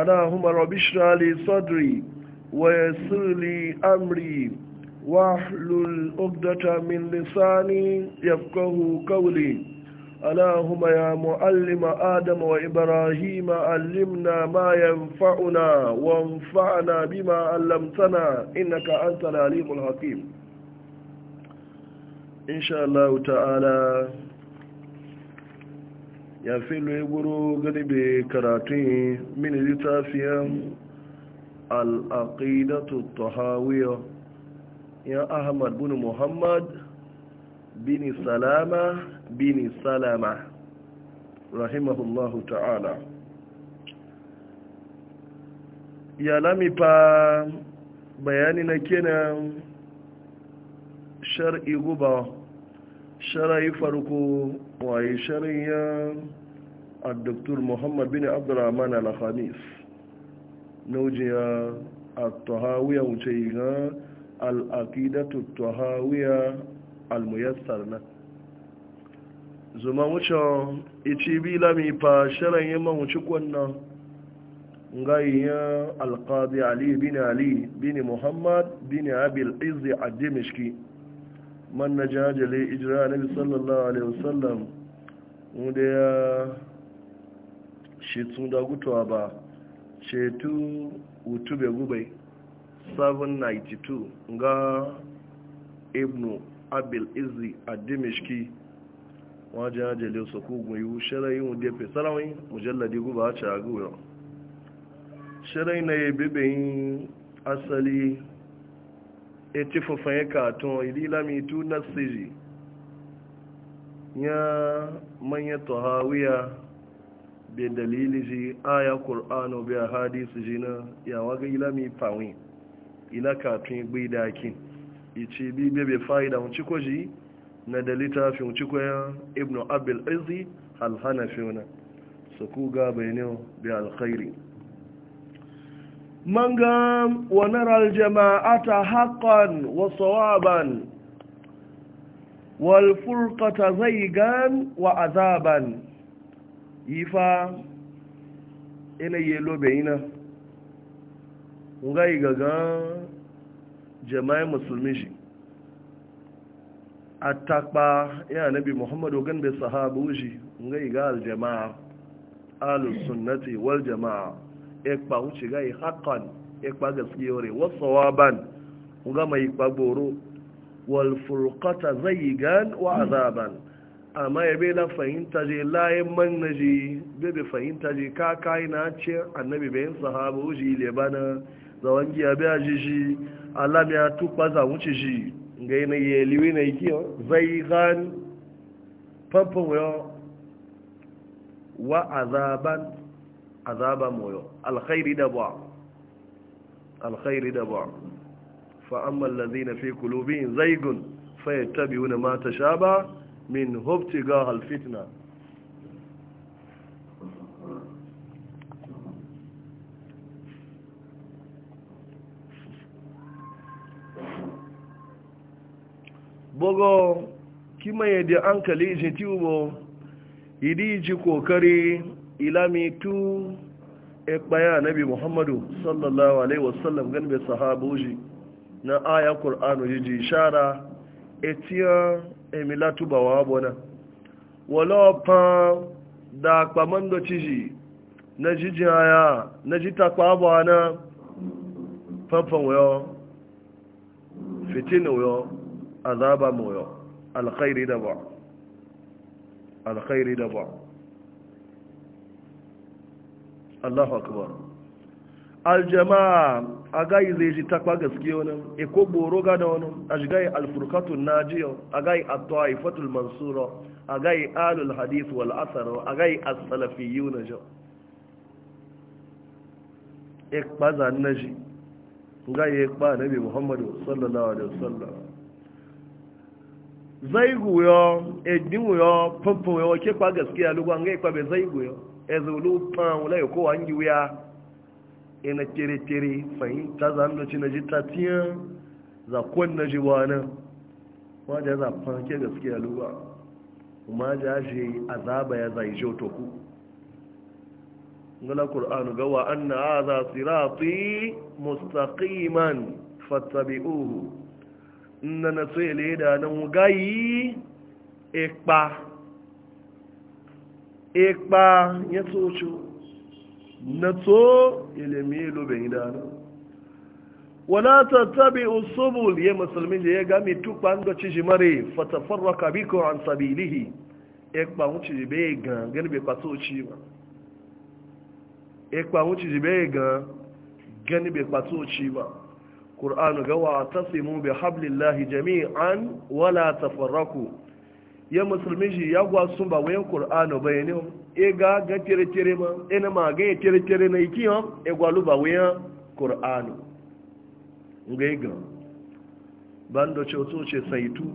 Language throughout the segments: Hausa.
اللهم رب اشرح لي صدري ويسر لي امري واحلل عقدة من لساني يفقه قولي اللهم يا معلم آدم وإبراهيم علمنا ما ينفعنا وانفعنا بما علمتنا إنك أنت العليم الحكيم إن شاء الله تعالى ya fi laiburo gani bai karatun mini littafiyan al'aƙidatu tahawiyya ya ahmad bin muhammad bin salama bin salama rahimahullahu ta'ala ya lamifa bayani na kenan shar'i guba shara'i farko waye shari'a a muhammad bin abdurrahman al-khamis naujiya a tahawiya wuce ga al'aqidatu tahawiya al na zuma wucin ichibi lami fa shari'a mawuci kwanna ngayiya alqadi ali bin ali bin muhammad bin abil izzi a dimishki man na jajale ijira nabi sallallahu alaihi wasallam mu da ya shi tun da gutuwa ba cetu utube gubai 792 ga ibnu abil izi a dimishki wajen jajale su kogun yiwu shirayin mu defe sarawin mujalladi guba a ci a guwa shirai na yi bibin asali e ti funfun ya katon ililami tu na siri ya manya tahawiya bai dalili ji aya ƙur'anu bai hadisi ji na yawa ga ilami fawin ila katon gbe dakin ici bi bebe fa'ida wuci ko ji na da littafin wuci ko ya ibn abil izi alhanafi su ku ga bayanin bi alkhairi manga wa nara aljama'ata haqqan wa sawaban wal furqata zaygan wa azaban ifa ina yelo beina ngai gaga jama'a musulmi shi atakpa ya nabi muhammadu gan be sahabu shi ngai ga aljama'a ahlus sunnati wal jama'a ekpa wuce wọ́n haƙan ekpa gaskiyore wasu ban ga mai goro wal furqata zaygan wa azaban amma ya bai la fahimta je layin man na fahimta je ka kai na ce annabi bayan sahabu ji le bana zawon giya bai ji shi alam ya ṣe za wuce shi ga yana yi yi gan zaygan wọ́n wa azaban azaba moyo alkhairi da ba alkhairi da ba fa amma allazina fi qulubihim zaygun fayattabi'una ma tashaba min hubtiga alfitna bogo kima yadda an kalli ijin idi ji kokari ilami tu e kpaya nabi muhammadu sallallahu alaihi wasallam gan be ji na aya qur'anu jiji ishara etia emila ba wa bona wala pa da kpamando chiji na jiji aya na jita kwa bwana fanfan wayo fitin wayo azaba moyo alkhairi da ba alkhairi da ba Allahu akbar aljama'a a gayi zai ji takwa gaske wani iko e boro da wani a ji gayi alfurkatun najiya a gayi attaifatul mansura a gayi alul hadith wal asara a gayi salafi yi wani jo ikpa e za naji gayi ikpa na e bi muhammadu sallallahu alaihi wasallam zai guyo edin guyo pompon yo ke kwa gaskiya lugwan ga ikpa bai zai guyo ezulu pan yi ko wangi wuya ina tere tere fahimta za mu ci na ji tatiya za kon na ji wani ma da za pan ke gaskiya luwa kuma ja shi azaba ya zai jo to ku ngala qur'anu gawa anna hadha sirati mustaqiman fattabi'uhu inna nasile da nan gayi ipa Ikpa ya tsoci na tso ilimi lobe idanu wala tabi usubul ya musulmi da ya gami tukpa ndo ciji mare fatafarraka biko an sabilihi ekpa wuci be gan gani bai kwa tsoci ba ekpa wuci be gan gani bai kwa tsoci ba qur'anu ga wa tasimu bi hablillahi jami'an wala tafarraku ya musulmi shi ya gwa sun ba wayan qur'ano bayani e ga ga tere tere ma e na ma ga tere tere na iki ha e gwa lu ba wayan qur'ano ngai e ga bando ce to ce saitu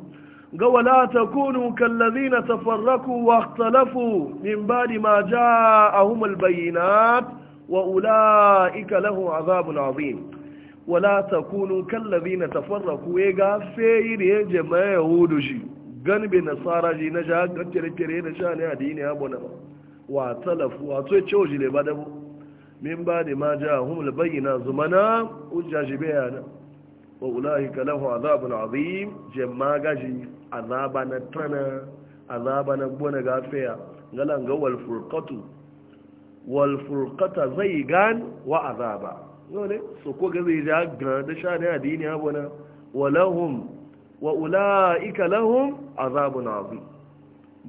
ga wala takunu kallazina tafarraku wa ikhtalafu min ba'di ma ja'ahumul bayinat wa ulaika lahum azabun azim wala takunu kallazina tafarraku e ga sai ne jama'a hudu shi ganibe bai nasara ji na ja gakkere kere na sha ne adini ya bona ba wa talafu wa to ce oji le badabu min ba da ma ja hum al bayyina zumana ujja ji bayana wa ulahi kalahu azabun azim jemma gaji azaba na tana azaba na bona gafiya galan ga wal furqatu wal furqata zaygan wa azaba yone so ko ga zai ja da sha ne adini ya bona wa ula'ika lahum azabun azim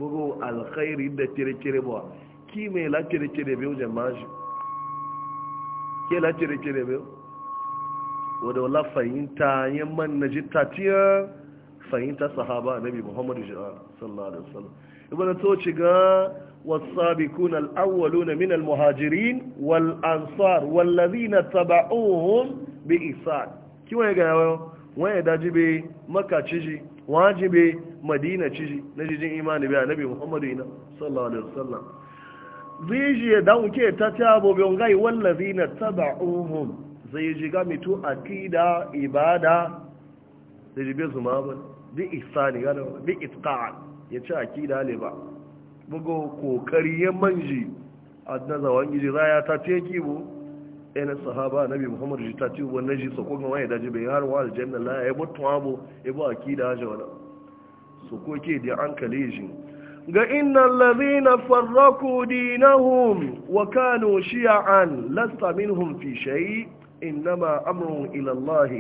bugu alkhairi da cire-cire ba ki mai la cire-cire biyu jama'a ke la cire-cire biyu wadda wala fahimta yin man na ji tatiyar fahimta sahaba na nabi muhammadu ah, sallallahu alaihi wasallam ibn toci ga والسابقون الأولون من المهاجرين والأنصار والذين تبعوهم بإحسان كيف يقول wani da jibe maka ciji wani jibe madina ciji na jijin imani biya nabi muhammadu ina sallallahu alaihi wasallam zai ji ya dan ke ta ta bobe ngai wallazi na taba'uhum zai ji ga mitu akida ibada da jibe zuma ba bi ihsani ga bi itqa'an ya ci akida le ba bugo kokari ya manji adna gizi za ya ta teki bu ina sahaba nabi muhammad ji tati wannan ji so ko wani daji bai har wa aljanna la ya mutu abu e ba akida haja wala so ko ke da an kale shi ga innal ladhina farraku dinahum wa kanu shi'an lasta minhum fi shay innama amruhum ila allah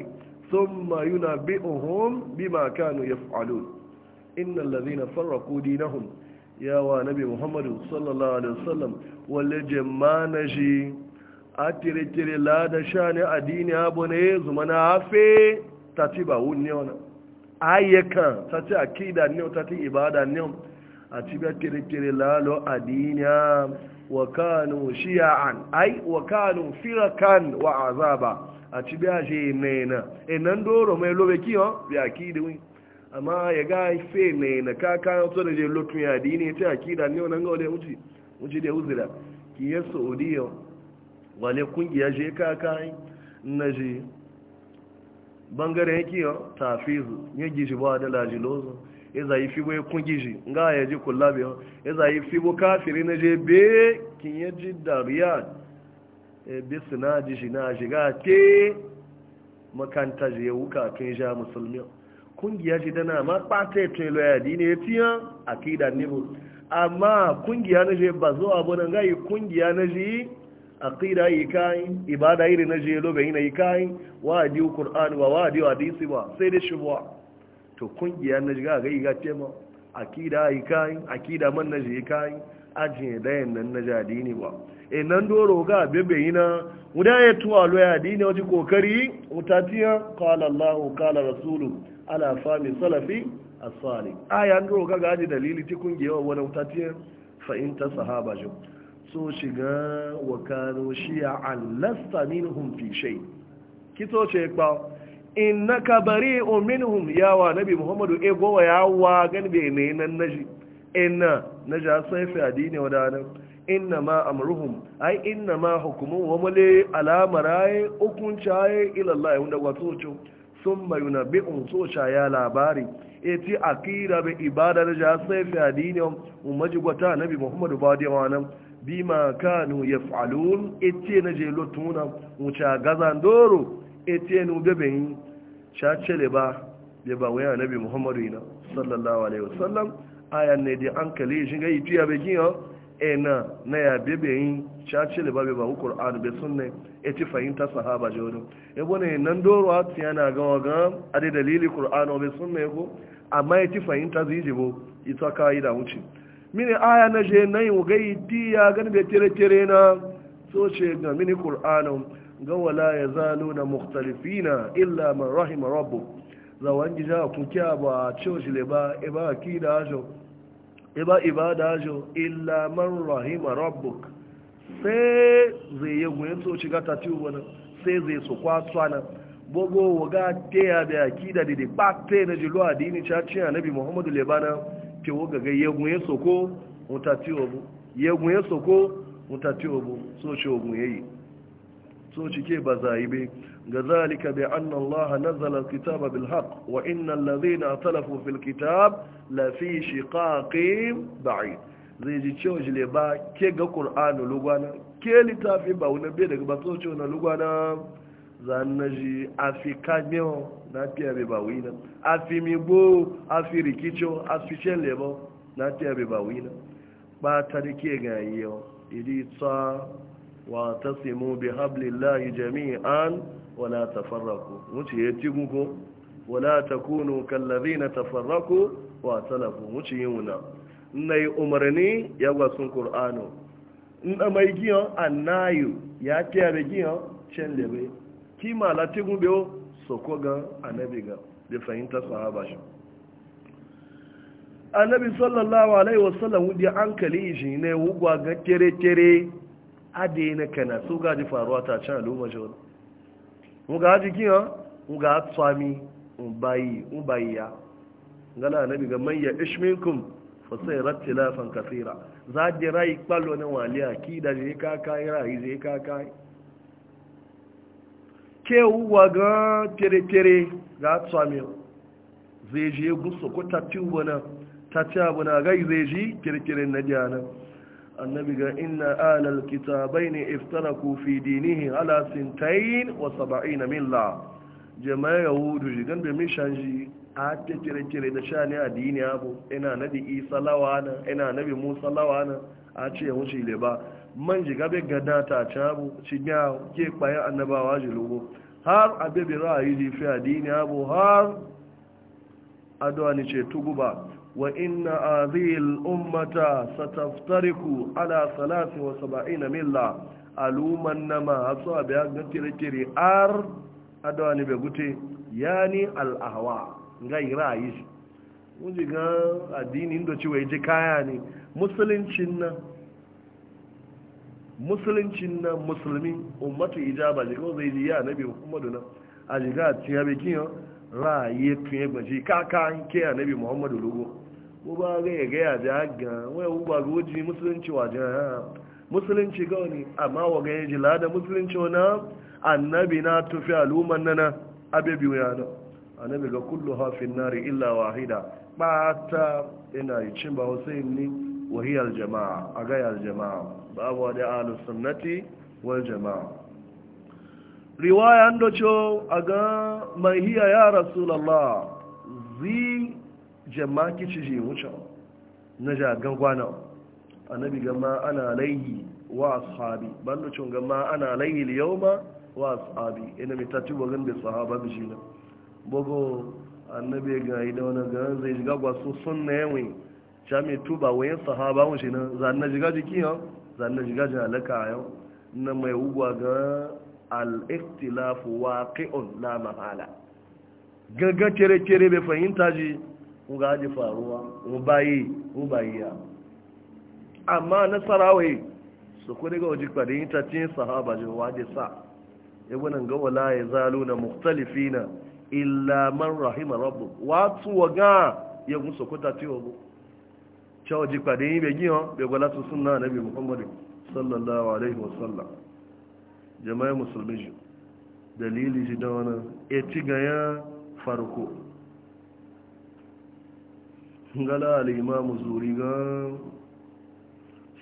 thumma yunabbi'uhum bima kanu yaf'alun innal ladhina farraku dinahum yawa nabi muhammad sallallahu alaihi wasallam wal jama'ana a tire-tire lada sha ne adini abu ne zuma na hafe ta ci ba wunne wani ayyukan ta ci akida ne ta ci ibada ne a ci ba tire-tire lalo adini wa kanu shiya'an ai wa kanu firakan wa azaba a ci ba je nena e nan doro mai lobe kiyo bi akida wi amma ya ga fe nena ka kan so da je lotun ya adini ta akida ne wannan ga wale wuce wuce da uzira ki ya saudiya wane kungiya je kakai na je bangare yake tafizu ya gishi ba da lajilozo ya e zayi fi ya kun gishi nga ya ji kula biyu ya e zayi fibo kafiri na je be kin ya ji da riyad e bi suna ji shi na shiga te makanta je ya wuka tun sha musulmi kungiya shi dana ma kpata ya tun loya dini ya fiya akida nibu amma kungiya na je ba zo abu na nga yi kungiya na je aqida yi kai ibada iri na je lobe yi na yi kai wa di qur'an wa wa hadisi ba sai da shubwa to kungiya na jiga ga yi ga ma aqida yi kai aqida man na je kai aje da yan nan na jadini ba e nan doro ga bebe yi na muda ya tuwa lo ya dini wata kokari utatiya qala allah qala rasulu ala fami salafi as-salih aya ndoro ga ga dalili ti kungiya wa wani utatiya fa inta sahaba jo so shiga wa kano shiya allasta minhum fi shay kito ce pa innaka bari'un minhum yawa nabi muhammadu e gowa yawa ganbe ne nan naji inna naja sai fi adini wadanan inna ma amruhum ai inna ma hukumu wa male alamarai hukuncaye ila Allah wanda wato cin sun mai yunabi'un so ya labari e ti akira be ibada naja sai fi adini umaji na nabi muhammadu ba da bima kanu yaf'alun ete na je lotuna mucha gazan doro ete nu beben chachele ba be ba waya nabi muhammadu ina sallallahu alaihi wasallam ayan ne di ankali shin ga itiya be giyo ena na ya beben chachele ba be ba qur'an be sunne ete fahimta sahaba je wodo e bone nan doro ati yana ga waga ade dalili qur'an be sunne ko amma ete ta zijibo ita kaida wuce mini aya na je na yi gai diya gani da tere tere na so ce ga mini qur'anin ga wala ya zalo na na illa man rahim rabu za wangi ja ku kya ba coci le ba iba e ba ki da ajo iba e iba da ajo illa man rahim rabu sai zai yi gwen so ci gata ti wani sai zai su kwatsa na bogo wa ga ya bi ki da da ba te na jiluwa dini cha ci nabi muhammadu lebanon ke woga ga yegun ya soko mutati obu yegun ya soko obu so ce ogun so ba za yi be ga zalika bi anna allaha nazzala alkitaba bil haqq wa inna alladhina talafu fil kitab la fi shiqaqin ba'id zai ji cewa jile ba ke ga qur'anu lugwana ke litafi ba wani be daga ba so ce wani lugwana zanaji afi kagbeo na pia beba wina afi mibo afi rikicho afi chenlebo na pia beba wina ba ta dake ga yiyo idi tsa wa tasimu bi hablillahi jami'an wala tafarraqu wuce yati guko wala takunu kallazina tafarraqu wa talafu wuce yuna yi umarni ya gwasun qur'ano in mai giyan annayu ya pia be giyan chenlebe kima lati gube o soko gan anabi ga da fahimta sahaba shi anabi sallallahu alaihi wasallam wudi an kali shi ne wugwa ga kere-kere ade na kana ga ji faruwa ta can al'umma shi wani muga haji kiyo muga tsami umbayi bayi ya ngala annabi ga man ya ishminkum fa sai rattilafan kathira za ji rai kwallo na wali akida je ka kai rai je ka kai wa ga kere-kere ga tsamiyar zai ya gusa ko tafi wana ta ci abu na gai zai ji kere fere na diyanan annabi ga ina alal kitabai ne iftara kufi dinihi ala sintayin wa saba'i na milla jama'a hudu shigan da mishan shi a ta kire da sha ne a dini abu ina nabi isa lawana ina nabi musa na. a ce ya wuce ile ba man ji gabe gada ta cabu ci ke kwayan annabawa ji lobo har abebe ra'ayi ji fi adini abu har adowa ni ce tuguba wa inna zil ummata sataftariku ala salasi wa saba'ina milla aluman nama hasu abu a ga kirkiri har adowa ni ya yani al'ahawa ga yi ra'ayi wuji ga addini inda ci wai ji kaya ne musuluncin na musuluncin na musulmi ummatu ijaba ji kawai zai ji ya nabi muhammadu na a ji ga cin ya bikin ya ra'ayi tun ya gbaji kaka an ke ya nabi muhammadu lugu ko ba ga ya ga ya ji aga wai uba ga wuji musulunci wajen ya musulunci ga wani amma wa ga ya ji lada musulunci wani annabi na tufi al'umman nana abe biyu yana annabi ga kullu hafin nari illa wahida bata ina yi cin ba wasu ni wahiyar jama'a a gayar jama'a babu wani ahalus sunnati wal jama'a riwaya an doco a ga mai hiya ya rasulallah zi jama'a kici ji wuce na jagan gwana annabi gama ana laihi wa ashabi ban docin gama ana laihi liyau ma wa ashabi ina mai tattubo gan da sahaba bijina bugu annabi ga yi da wani ga zai shiga gwasu sun na yawon shami tuba wayan sahaba mun shi nan zanna shiga jiki yau zanna shiga jin alaka yau na mai wugwa ga al'iktilafu wa ƙi'un la mahala gaga kere kere bai fahimta ji mu ga ji faruwa mu bayi mu bayi ya amma nasarawai su kuri ga wajikwa da yin sahaba ji wa sa ibunan ga wala ya zalu na na illa man rahima rabbu watu waga ya gusa kuta ti obo chawo ji pade yin be gihan be gola to sunna nabi muhammad sallallahu alaihi wasallam jama'a e musulmi ji dalili ji da wana e ti gaya farko ngala al imam zuri ga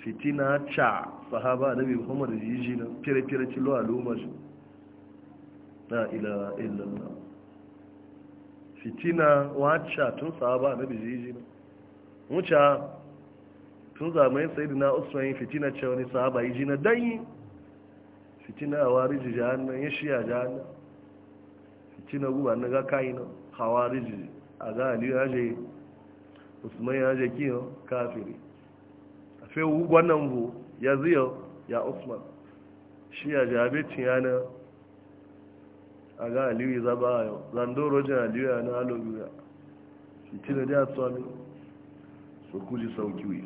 fitina cha sahaba nabi Muhammadu ji ji na pere pere ti lo aluma ji la illallah fitina wacce tun sahaba na bijiji ne wuce tun zamanin sai na usman fitina ce wani sahaba yi na danyi fitina a wariji jahannan ya shiya jahannan fitina guba na ga kayi na hawariji a ga aliyu ya je usman ya je kiyo kafiri a fe gwanan bu ya ziyo ya usman shi ya jabe Aga ga aliyu za ba yau zandoro jin aliyu ya na alobi ya shi tina da tsami su kuji sauki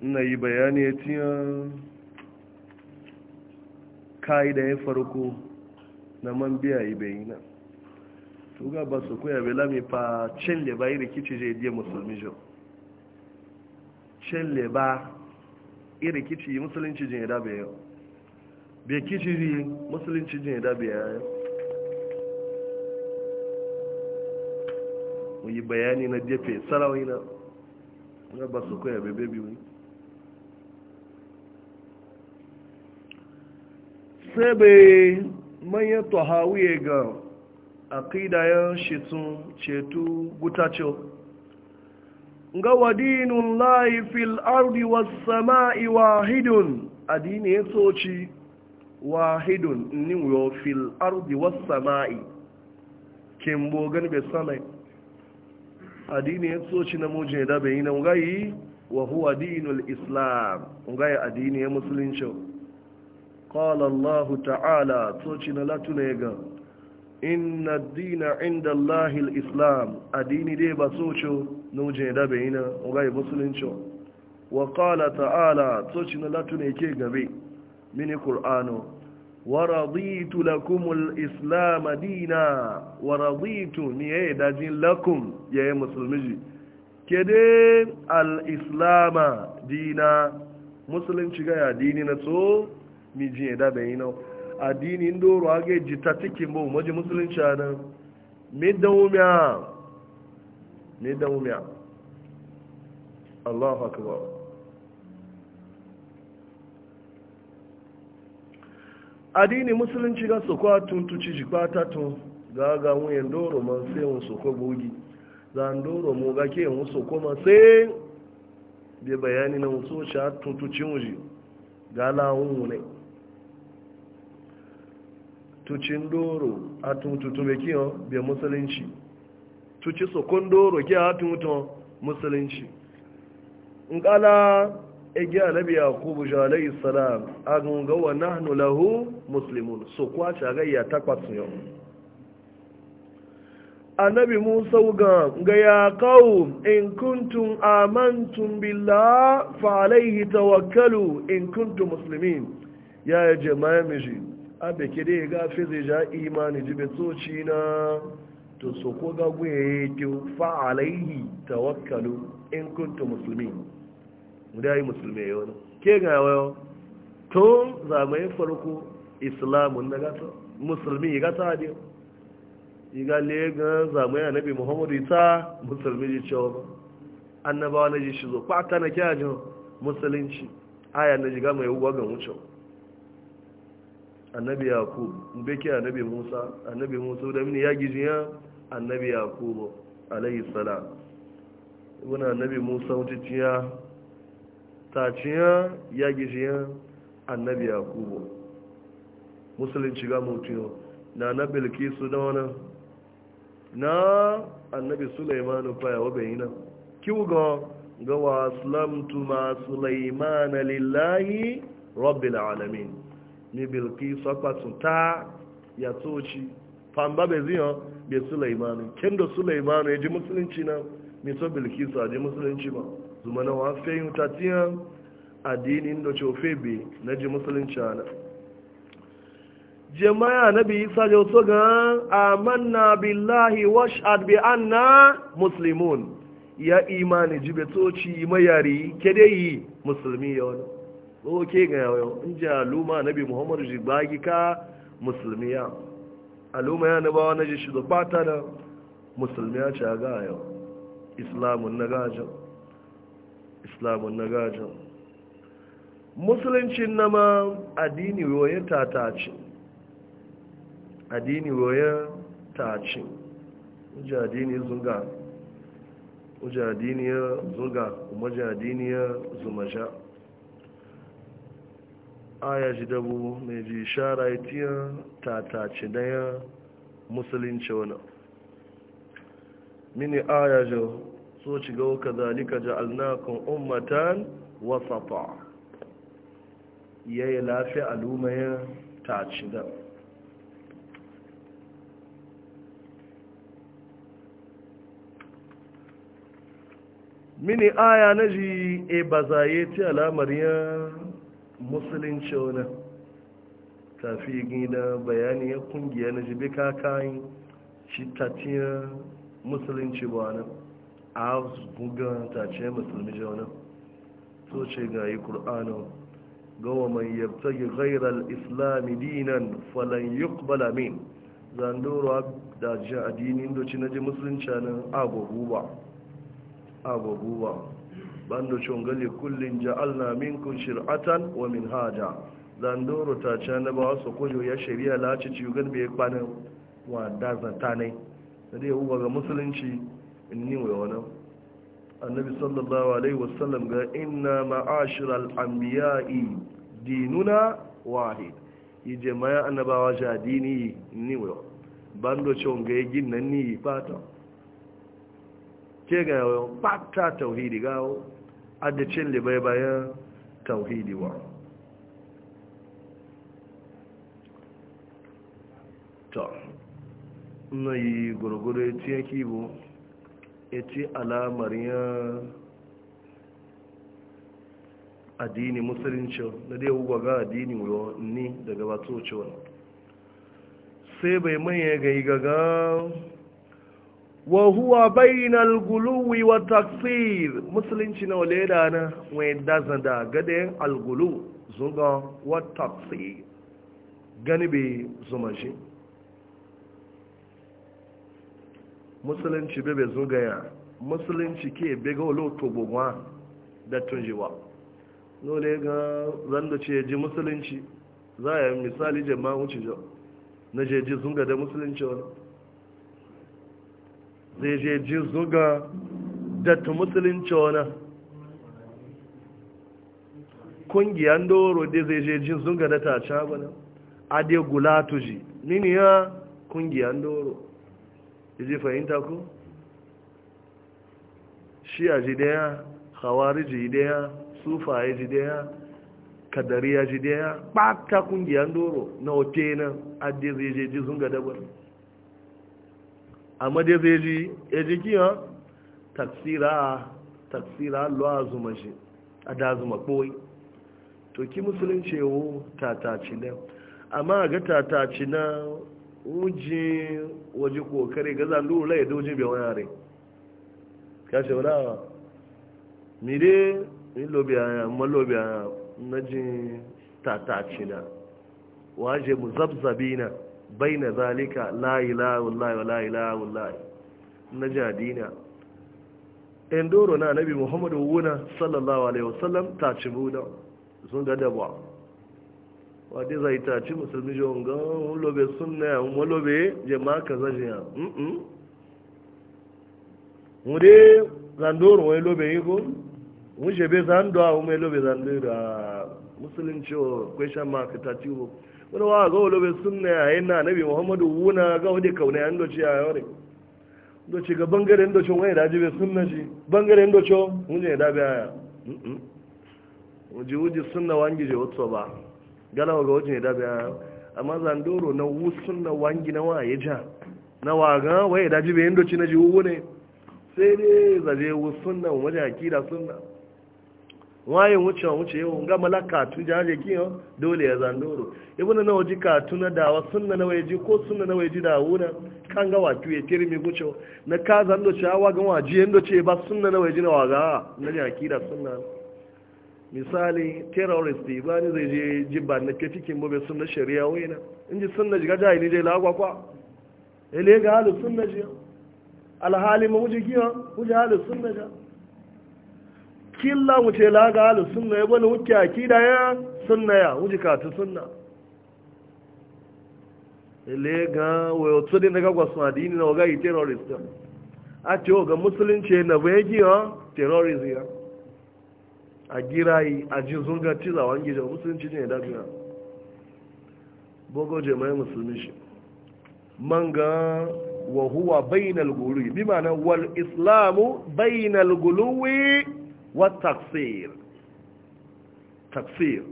yi bayani ya tiya ka'ida ya farko na man biya yi bayina tuga ba su koya bela mai fa cin leba yi rikici je diya musulmi jau cin leba yi rikici musulunci jin ya dabe yau bai kishiri musulunci jin da bayan eh? mu yi bayani na jefe sarawai na na ba su koya bebe biyu sai bai manyan tahawiyar e ga akidayen shetun cetu gutacho ga wadinun laifin ardi wasu sama'i wahidun adini ya soci wahidun niwo fil ardi was sama'i kin gan be samai adini yaso shi na muje da be na ngai wa huwa dinul islam ngai adini ya musulunci qala allah ta'ala so na latune ga inna ad-dina 'inda allah al-islam adini dai ba so shi nuje da be na ngai musulunci wa qala ta'ala so shi na latune ke gabe mini ƙur'anu wa raditu lakumul islama dina wa raditu ni ya yi dajin lakum ya yi musulmiji ke kede al-islama dina musulunci gaya dini na tso mi ji ya dabe yi nau addini ndoro aga ji ta cikin bu maji musulunci a nan midawumiya midawumiya allahu akbar adini musulunci ga soko kwa tuntuci jikwata tun ga ga nwunye doro man sai un bogi, ko gogi zan ga ke un soko ma man sai da bayani na so sha tuntuci wuji ga lawun ne tucin doro a tụtụtụ me kiyo be musulunci tuci soko kon doro ke a musulunci ege anabi yakubu jo alayhi salam agunga wa nahnu lahu muslimun so kwa chaga ya takwatsun annabi musa ga ga ya qaum in kuntun amantun billah fa alaihi tawakkalu in kuntum muslimin ya jama'a miji abe kide ga zai ja imani jibe tsoci na to so ko ga gwe fa alaihi tawakkalu in kuntum muslimin da yi musulmi ya wani ke ga wayo tun zamayin farko islamun na gata musulmi ya gata ne yi ga lega zamayin annabi muhammadu ta musulmi yi cewa ba annabawa na ji shi zo kwata na kyajin musulunci aya na jiga mai yiwuwa ga wucin annabi yakub beke annabi musa annabi musa da mini ya ya annabi ku alayhi salam wani annabi musa wuciciya taciya ya gishiya annabi yakubu musulunci ga mutu na na bilkisu da wani na annabi sulaimanu faya wabe yi nan kiwuga ga waslamtu ma sulaimana lillahi rabbil alamin ni bilkisu akwatun ta ya toci famba bai ziyan bai Suleiman kendo Suleiman ya ji musulunci na mito bilkisu a ji musulunci ba zuma na wafe yin tatiya addinin da cofe bi na ji musulunci ana jemaya na biyi sajo so ga amanna billahi wash'ad bi anna muslimun ya imani jibe toci mayari kede yi musulmi ya wani oke ga yawon in ji aluma na bi muhammadu jigbagi ka musulmi ya aluma ya na bawa na ji shi da fata na musulmi ya ci a ga yau islamun na gajan islamun na gajin musuluncin na ma addini roye tataci addini roye taci uji addini zunga uji addini ya zunga umarji addini ya zumasha aya ji dabu mai ji shara itiya tataci daya musulunci wani mini aya jau so ci gawo ka zalika ja'alnakum ummatan wasata yayi lafi alumaya ta ci da mini aya na ji e bazaye ti alamar ya musulunci wani tafi gina bayani ya kungiya na ji bi kakayin shi musulunci ba nan a bugan ta ce musulmi jaunin so ce ga yi ƙur'anin gawa mai yabtagi ghairar islami dinan falon yukbala min zandoro da ji adini indoci na ji musulunci nan agoguba agoguba bandocin gali kullum ja'alna minkun shir'atan wa min haja zandoro ta ce na ba wasu kujo ya shari'a lacici cikin bai kwanin wa zata ne da dai huwa ga musulunci inni wa wani annabi sallallahu alaihi wasallam ga inna ma'ashir al'ambiya'i dinuna wahid ije maya annabawa a dini ni wani. bando chon ga yin nan ni fata ke ga fata tauhidi ga adacin libai bayan tauhidi wa ta na yi gurgure tiyan bu ce alamar ya addini musulunci na dai wuwa ga addini ni daga batu cewa sai bai manya gai gaga wa huwa bainal guluwi wa taksir musulunci na wale da na wai ga da gadayen algulu zuga wa taksir gani bai zuma shi musulunci bebe zugaya musulunci ke bega wala tobogwa da tunjiwa nole ga zanda ce ji musulunci za a yi misali jama'a wuce jau na je ji zunga da musulunci wani zai je ji zunga da ta musulunci wani kungiyan doro dai zai je ji zunga da ta cha bana a dai gula tuji nini ya kungiyan doro ji fahimta ku shiya ji daya hawari ji daya ya ji daya ya ji daya ɓata kungiyar doro na ote na adiyar zai je ji sun ga dabar amma dai zai ji ya ji kiyan taksira taksira lo'a zuma shi a da zuma kowai to ki musulun cewo tataci na amma ga tataci na uji waje kokare ga zan dole ya doje bai wani are ka wani awa de mi lobe aya ma lobe aya na ji tataci na waje mu bai na zalika layi layi layi layi layi layi na ji adina doro na nabi muhammadu wuna sallallahu alaihi wasallam ta ci buda sun ga dabuwa wadi zai ci musulmi jo ga lobe sunna ya mu lobe je ma ka zaje ya mm mu de zandoro wai e lobe yi ko mun je be zando e a wani lobe zando da musulunci o ma ka ta ci ko wani wa ga lobe sunna ya yana nabi muhammadu wuna ga wadi kauna an doci ya yore doci ga bangare doci wai da jibe sunna shi bangare doci mu ne da ba ya mm uji uji sunna wangi je wato ba galawa ga wajen da biya amma zandoro na wusun na wangi na waye ja na waga waye da jibe yin doci na ji wuwu ne sai dai zaje wusun na wajen akida suna. waye wuce wuce yau ga malaka tun jaje yau dole ya zandoro ibu na ji katu na dawa suna na waje ko suna na waje da wuna kan ga waki ya mai guce na ka zando cewa ga waje yin doci ba suna na waje na waga na ji akida suna. misali terrorist ba ni zai je jibba na ke cikin bobe suna shari'a na in ji suna ji gaja ni dai lagwa kwa eh, ele ga halin suna ji alhali ma wuce kiyo wuce halin suna sunna ja killa mu ce la ga ya bani wuce kida ya suna ya wuce katu suna sunna ele eh, ga wayo tsudi daga gwasu adini na wagayi terrorist a ce ga musulunci na bai kiyo terrorist ya a girayi a jin zunga tiza wangi da musulunci ne da duniya bogo jama'ai musulmi shi man ga wa huwa bainal guluwi bi ma'ana wal islamu bainal guluwi wa taksir taksir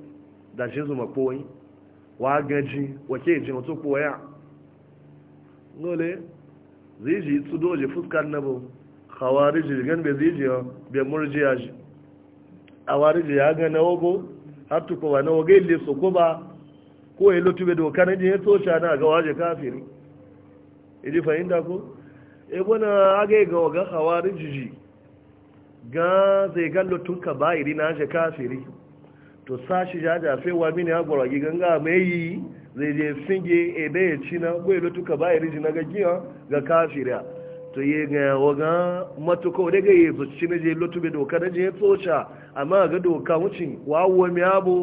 da shi zuma koyi wa gaji wa ke ji mutu koya nole zai ji su doje fuskar nabo khawarij gan be zai ji be murjiya awariji ya ga na wago har tuko ba na waga ile so ko ba e ko ya lotu be doka na jin to sha na ga waje kafiri idi e fahimta ko e bona aga ga waga hawariji ji ga zai ga lotun ka ba iri na je kafiri to sashi ja fe wa mini ne gora gi ganga mai zai je singe e ya e ci na ko ya lotu ka ba iri ji na ga giya ga kafiri to yi ga waga matuka ga yi zuci na je bai doka na je tsoca amma ga doka wucin wawo mai abu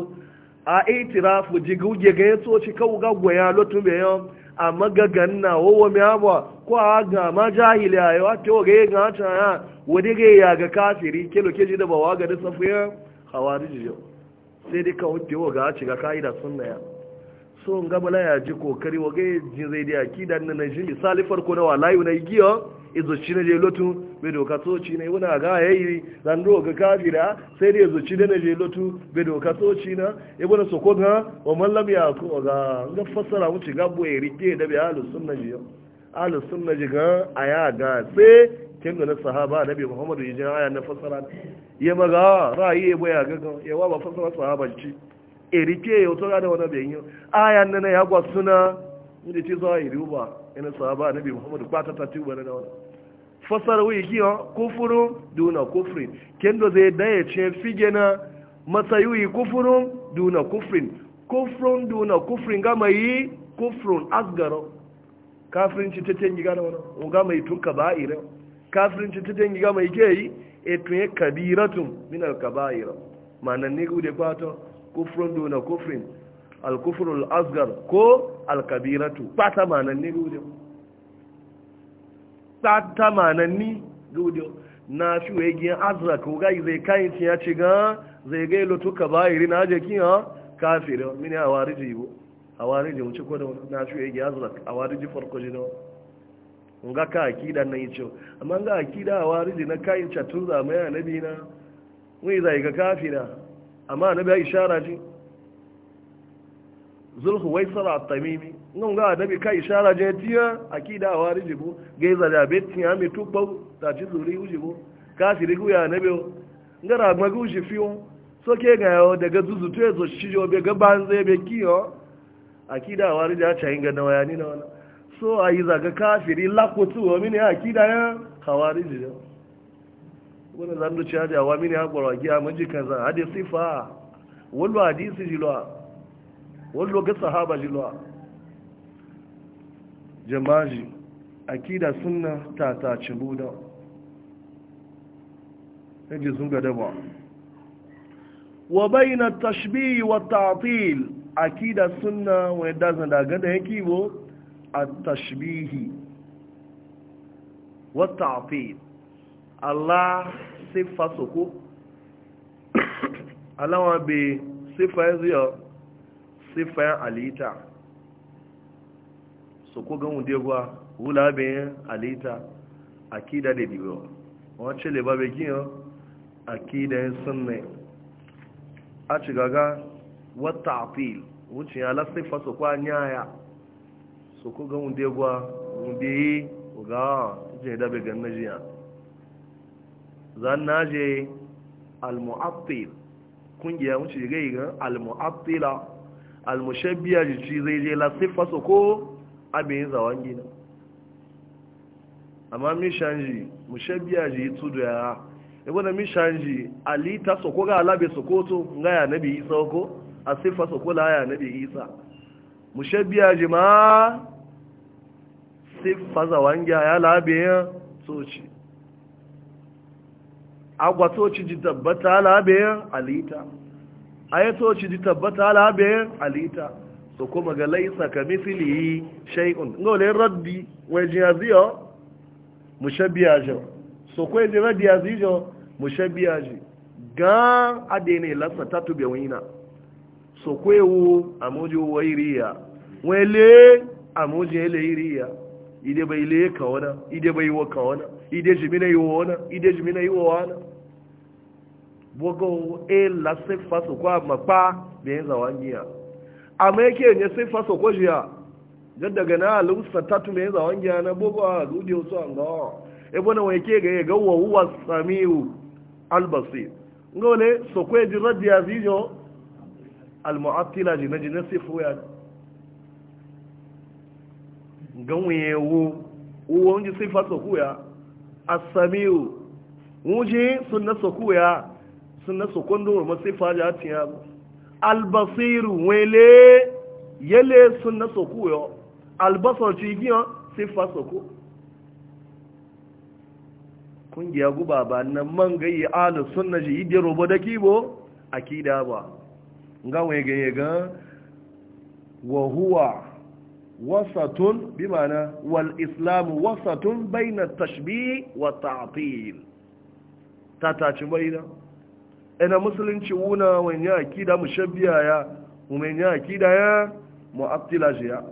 a itirafu ji guge ga ya tsoci kawo gagwa ya bai yau amma ga ganna wawo mai abu ko a ga ma jahili a yawa ta waga yi ga hata ya wadda ga ya ga kafiri kelo keji ji da bawa ga da safiya hawa ji sai dai kawo ta waga ci ga ka'ida sunna ya so nga bala ya ji kokari wa gai jin zai da akida na na jin misali farko na walayu na igiyo izo ci na je lotu bai doka soci na wani ga yayi zando ga kafira sai da izo ci da na je lotu bai doka soci na e ibn soko ga wa mallam ya ko ga ga fassara wuce ga boye rike da bi ahlus sunna ji ahlus sunna ji ga aya ga sai kin da sahaba nabi muhammadu ya ji aya na fassara ya maga ra'ayi ya boya ga ya wa ba fassara sahaba ci erike ya wato da wani bayan yi ayan nana ya gwa suna inda ce zuwa iri uba ina sahaba nabi muhammad kwata ta tuba na wani fasar wiki ya kufurun duna kufurin kendo zai daya ce fige na yi kufurun duna kufurin kufurun duna kufurin gama yi kufurun asgaro ci ta yi gana wani gama yi tun kafirin ci ta tengi gama yi ke yi etun ya kabiratun minar kaba'irin manan ne gude kwato kufrun duna kufrin alkufrul asgar ko alkabiratu ɓata mananni gudu ɓata mananni gudu na fi wegin azra ko gai zai kayan ciya ci ga zai gai lotu ka bayiri na ajiye kiyan kafirin mini a wariji ibo a wariji mu ci kodin na fi wegin azra a wariji farko jina nga ka akida na yi ciwo amma nga akida a wariji na kayan catun zamaya na bi na wai zai ga kafira amma na biya ishara ji zulhu wai sara tamimi nan ga annabi ka ishara je tiya akida wa rijibu gaiza da betin ya mai tukpa ta ci zuri ujibu ka siri ku ya nga ngara magu shi fiyo so ke ga yawo daga zuzu to zo shi jo be gaban zai be kiyo akida wa rija cha inga na ni na wani so yi zaga kafiri lakotu wa mini da ya khawarij jo wani zan ci hajji awa mini haƙwarwa giya manji kan zan hadi sifa wallo hadisi jilowa wallo ga sahaba jilowa jamaji akida sunna ta ta cibu da yaji sun ga daba wa bayna tashbih wa ta'til akida sunna wa dazan daga da yake bo at tashbihi. wa ta'til Allah sifa soko alawa be sifa yanzu sifa yan alita soko gan wude gwa wula be yan alita akida da diwo wọn ce le ba be giyan akida yan sunne a ci gaga wata afil wuce ya la soko a nyaya soko gan wude gwa wude yi ga jin da be gan na jiyan zan naje al-mu'attil kungiya wuce ci yi ga al-mu'attila al-mushabbiya ji zai je la sifa so ko abin zawan gina amma mi shanji mushabbiya ji tudu ya ibo na mi alita so ko ga alabe so ko to ga ya nabi isa ko a sifa so ko la ya nabi isa mushabbiya ji ma sifa zawan gina ya labe so ci agwatoci ji tabbata labayin alita ayatoci ji tabbata labayin alita so kuma ga laisa ka misili shay'un ngole raddi waje yaziyo mushabiya jo so ko je raddi yazijo mushabiya ji ga adene lasa tatu be wina so kwewu amoji wairiya wele amoji le iriya ide bai le kawana ide bai wa kawana ide jimi na yiwo wana ide jimi na wana bogo e la sifa so kwa mapa bien za wangia yake ne sifa so ko jiya dan daga na lusa tatu me za wangia na bogo a rudiyo so an ga e bona wa yake ga ga uwa huwa albasi albasir ngole so ko ji radiya zijo almu'attila ji na jina na sifu ya ganwe wo uwa nji sifa so kuya asamiyu wuje sunna sokuya sunna sokondo ma sifa ya tiya albasiru wele yele sunna sokuyo albasar ci giyan sifa soko kungiya guba ba nan man gayi ala sunna ji yidi robo da kibo kida ba ngawai gaye ga wa wasatun bi ma'ana wal islamu wasatun baina tashbi wa ta'til tatacin bayina ina musulunci wuna wani ya akida mushabbiya ya wani akida ya mu mu'attila jiya.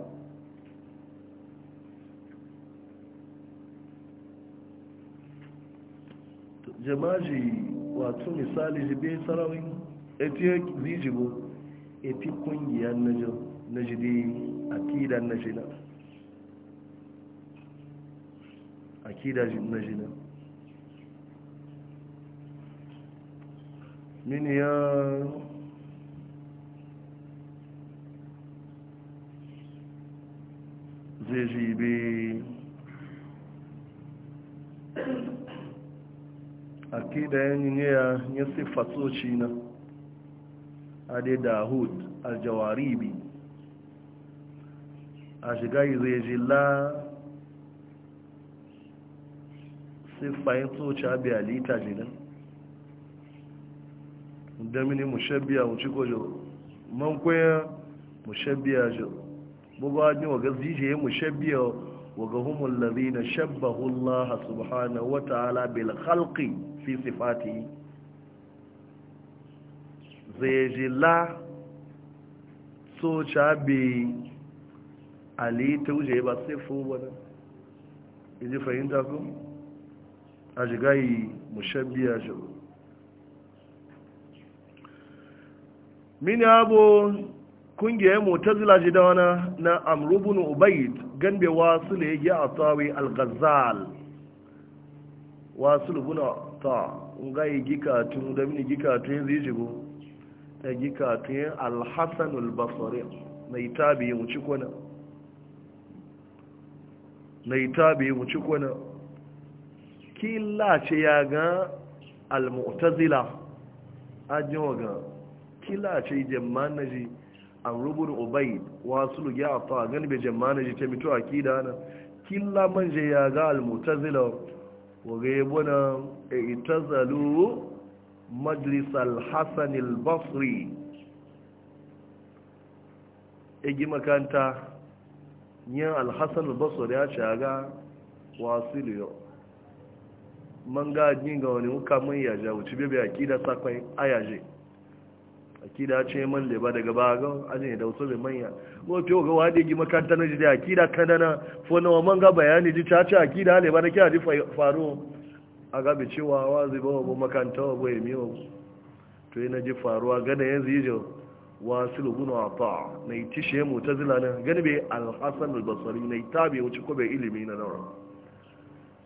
jamaji wato misali jibe sarawin eti zijibo eti kungiyar najin na akida na ya zai jibi akida na ade dahud aljawaribi a shiga yi zai ji la siffayin tsoci abi alita jinan damini mushabbiya wuce kojo man kwaya mushabbiya jo gbogbo ajin waga zijiye mushabbiya waga humul ladina shabbahu Allah subhanahu wa ta'ala bil halki fi sifati zai ji la tsoci abi ali ta wuce ba sai fuba na iji fahimta ku a shiga yi mushabbiya shi mini abu kungiyar mutazila shi dawana na amrubun ubaid Gambe wasu da ya a tsawi al-ghazal wasu lubuna ta ngayi gikatu, da mini gikatun zai shigo ta gikatun al-hassan al-basari mai tabi yin kwanan na tabi mu ci kwana ki ce ya ga al-mu'tazila ajin ga ki ce jama'an naji an rubun ubaid wasu lugi a fa gani bai jama'an ta mito akida na la manje ya ga al-mu'tazila waga yabo na e itazalu majlis al-hasan al-basri egi makanta yin alhassan basur ya shaga wasu liyo man ji ga wani muka mun yaja wuce bebe kida sakon ayaje kida ce man leba daga baga ajin ya dauso bai manya fi oga wadi gi makanta na jide kida kanana fonawa man ga bayani ji caca a leba da kiyaji faru a gabi cewa wazi ba wa makanta wa ya miyo to na ji faruwa gana yanzu yi jau wasu guna ta na yi tishe mu ta zila nan gani alhassan albasari na yi tabi wuce kobe ilimi na nawa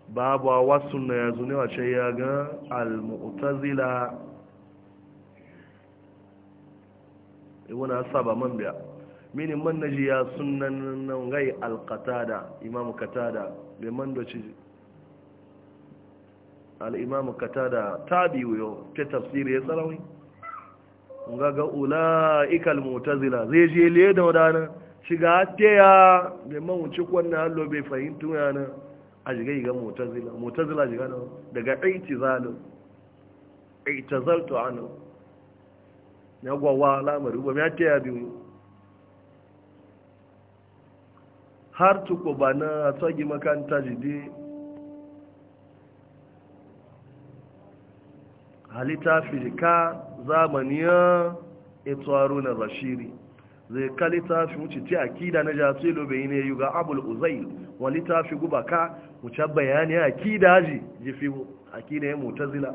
babu wasu na ya zuni wace ya ga almu'tazila wani asa ba man biya mini man na ji ya sunan nan gai alkatada imamu katada bai man doci al'imamu katada tabi wuyo ta tafsiri ya tsarawi ula ikal mutazila zai je le da wadana shiga ta ya da mawuci kwanna hallo bai fahimtu yana a shiga yi ga mutazila mutazila shiga nan daga aiti zalo aita zalto ana ya gwawa lamari ba ya ta ya biyu har tuko ba na tsagi makanta jide halitta firika zamaniya ito haruna rashiri zai ka littafi wuce ti akida na jasilo bai ne yi ga abul uzail wa littafi guba ka wuce bayani akida ji jifi akida ya mutazila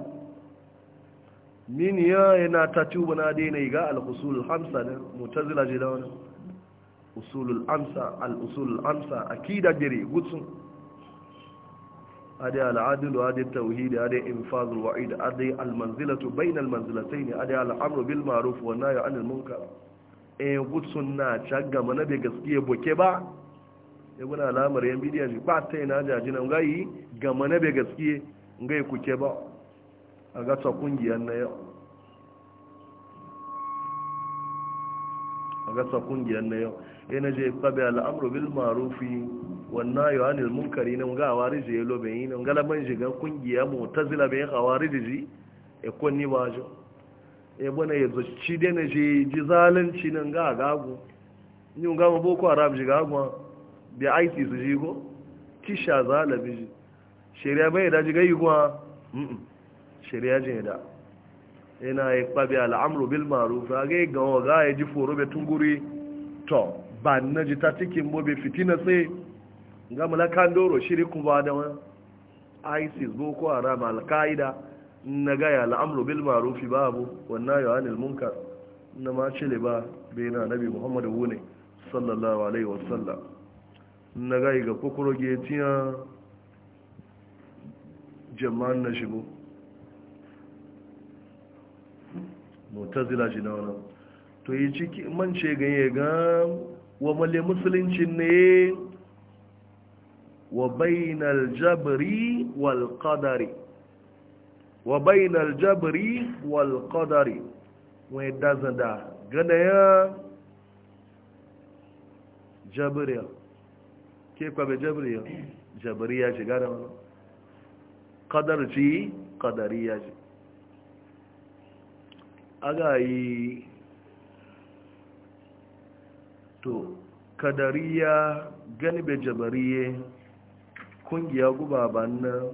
mini ya yana ta tuba na daina ga al hamsa hamsa ne zila ji da wani usulul amsa al-usulul akida dire gutsun adi al'adilu adi tauhidi adai infazul wa'id adi almanzilatu bayna almanzilatayn adi al'amru bil ma'ruf wa nahyi anil munkar e gutsun na chagga mana be gaskiya boke ba e guna alamar yan bidiya ji ba tai na jaji na ngai ga mana be gaskiya ngai kuke ba a ga ta kungiyar na yau a ga ta kungiyar na yau yana je kwabe al'amru bil marufi wannan yohanil munkari nan ga warije yelo ben yi nan galaban shiga kungiya mu'tazila ben da ji e kwanni ba jo e bane yanzu ci de ne ji ji zalunci nan ga gagu ni ga mu boko haram shiga gagu bi aiki su ji go kisha zalabi ji shari'a bai da ji yi gwa shari'a ji da yana yi kwabe al'amru bil marufi ga ga ga ya ji foro bai tunguri to ba na ji ta cikin bobe fitina sai ga malakan doro shiri kuma da isis boko haram al-qaida na gaya al'amru bil marufi babu wannan yohanil munkar na ma le ba bai na nabi muhammadu wune sallallahu alaihi wasallam na ga ga kokoro getiya jama'an na shigo mutazila shi na wani to yi ciki mance ganye gan wa male musulunci ne wa bainal jabri wal qadari wa bainal jabri wal qadari wai dazada gada ya jabriya ke kwabe jabriya jabriya ce gada wani qadarci qadariya ce aga yi to kadariya ganibe jabariye kungiya guba bannan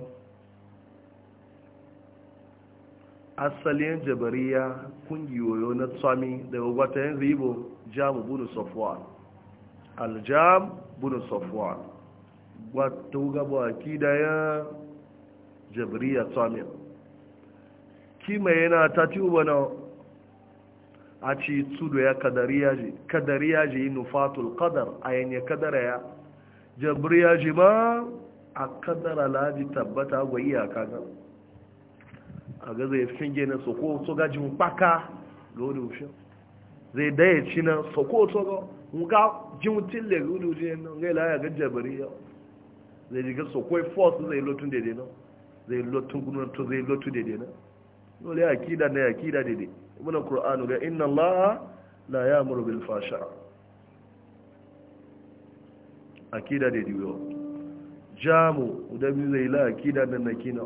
asalin jabariya kungiyoyo na tsami daga gwata yanzu ibo jamu bunu safwan aljam bunu safwan gwata gaba akida ya jabariya tsami kima yana ta ci ubana a ci tsudo ya kadari ya ji yi nufatul kadar a yanye kadara ya ya ji ma a kadara laji tabbata ga iyaka ga a ga zai finge na soko so gajin kpaka ga wani wufi zai daya ci na soko ga nga jimtin le ga wani wufi yana ga ilaya ga ya? zai ji ga soko e force zai lotun daidai na zai lotun gudunar to zai lotun daidai na dole akida na akida daidai muna ƙur'anu ga inna allaha la ya muru bil fasha akida da diyo jamu da bi zai la akida nan na kina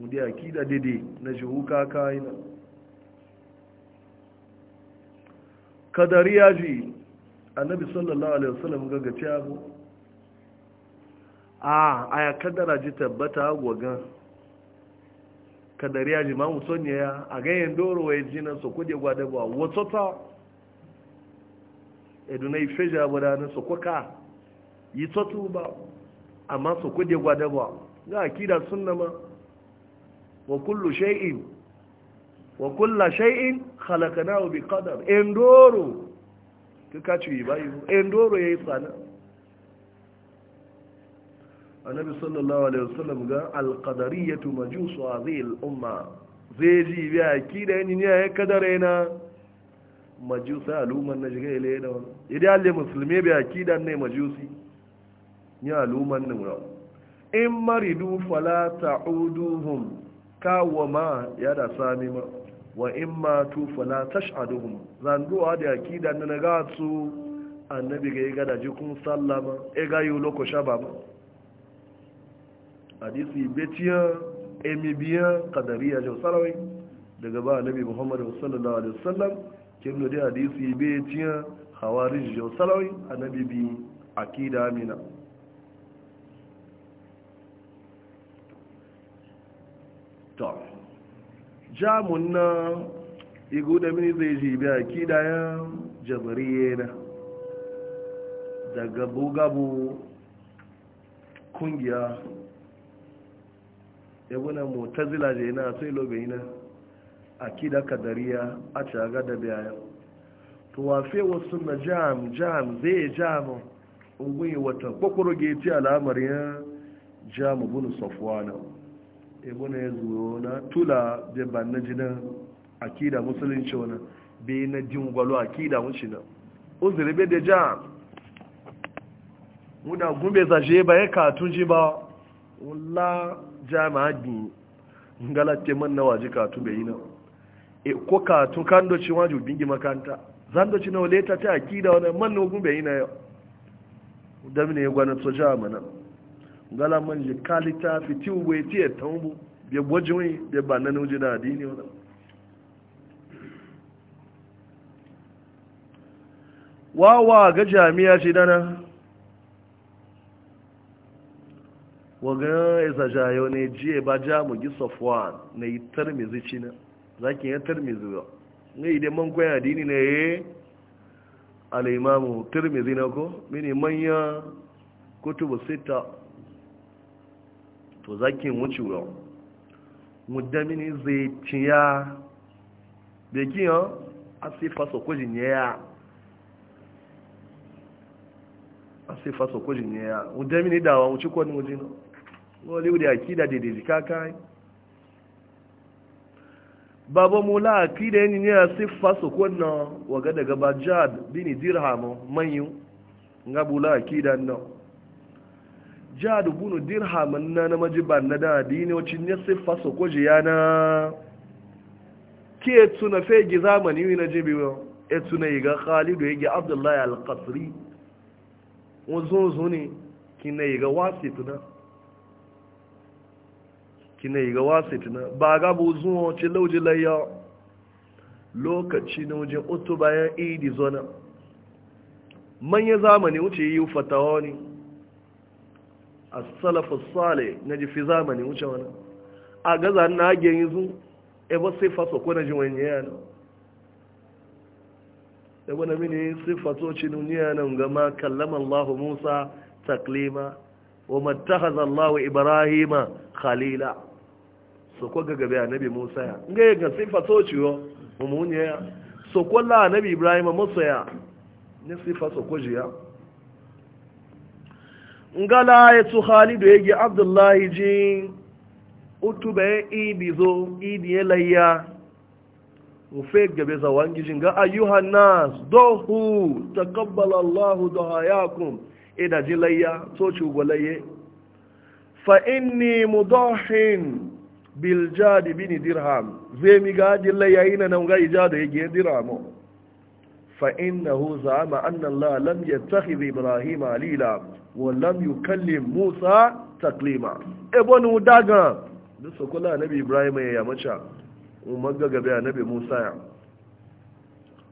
ndi akida dede na jihuka kaina kadariya ji annabi sallallahu alaihi wasallam gaggace abu a aya kadara ji tabbata gwagan Kadari kadariya jimamu sonya ya a ganyen doro wa jinan su kuje gwada ba wato ta edunai feja bada na su kwaka yi tatu ba amma su kuje gwada ba ga akida sun ma wa kullu shay'in wa kullu shay'in khalaqnahu bi kadar endoro kika ci bayu endoro yi tsana annabi sallallahu alaihi wasallam ga alqadariyatu majusu hadhihi al-umma zai ji bi akida yin ne ya kadare na majusu aluman na jiga ile da wannan idan alle musulmi bi akida ne majusi ni aluman ne mura in maridu fala ta'uduhum ma ya da sami ma wa in ma tu fala tash'aduhum zanduwa da akida na ga su annabi ga ga da jikun sallama e ga yi lokacin shababa. hadisi betiya emibiya kadariya jau sarawai daga ba nabi muhammadu sallallahu alaihi wasallam kimno da hadisi betiya hawarij jau sarawai annabi bi akida amina to jamun na igu da mini zai ji bi akida ya jabariye na daga bugabu kungiya yabuna mutazila je na sai lobe ina akida kadariya a caga da biya to wafe wasu na jam jam zai jam ungun yi wata kwakwaro ga ci al'amar ya jam bunu safwana yabuna ya zuwa na tula da ban na jinan akida musulunci wani bai na jin gwalo akida mun shina uzuri bai da jam muna gumbe zashe ba ya katun ji ba wallah jami'a gi ngalatte man na waje katun bai yi na e ko katu kan doci waju bingi makanta zan doci na waleta ta akida wani man na ogun bai yi na yau da mine ya gwanar so jami'a na ngala man je kalita fiti ubu ya tiye tambu bai gwaji wani bai ba na nauji na adini wani wawa ga jami'a dana waga ya zajayo ne jiye ba ja mu gi safwan na yi tarmizi cina za ki yi tarmizi ba ne idan man kwaya adini ne ya al'imamu tarmizi na ko mini manya kutubu sita to za ki wuce ba muddamini zai ciya da ki yan asifa sokojin ya asifa sokojin ya muddamini dawa wuce kwanin wajen wani wuri akida daidai jika kayan babu mula akida yin yana siffa su kunna waga daga bajad bini dirham manyu nga bula akida nan jad bunu dirham na na majiban na da dini wacce ne siffa su kwaje yana ke tuna fegi zamani yi na jibi e tuna yi ga khalidu yi ga abdullahi al-qasri wazon zuni kina yi ga wasi tuna kina yi ga wasitina ba ga bu zuwa ci lauji layya lokaci na wajen otu bayan idi zona manya zamani wuce yi fatawa ne a salafu sale na jifi zamani wuce wani a gaza na agen yi zu e Ba sai faso ko na ji wani yana e na mini sai faso ci nuni yana gama, ma kallama allahu musa taklima wa mattakhadha allahu ibrahima khalila so ko gaga bai annabi musa ya nga ya ga sifa so ciwo mumunye e e e ya so ko la annabi ibrahim musa ya ne sifa so ko jiya nga la ya tu khalidu yake abdullahi ji utuba ya ibizo idi ya layya ufe gabe za wangi jin ga ayyuhan nas dohu taqabbal allah duhayakum ida ji layya so ci golayye fa inni mudahin biljadi bin dirham zai mi gadi layayi na nan ga ijada yake dirham fa innahu za'ama anna Allah lam yattakhidh Ibrahim alila wa lam yukallim Musa taklima e bonu daga da sokola nabi Ibrahim ya macha, yamacha umman gaga bai nabi Musa ya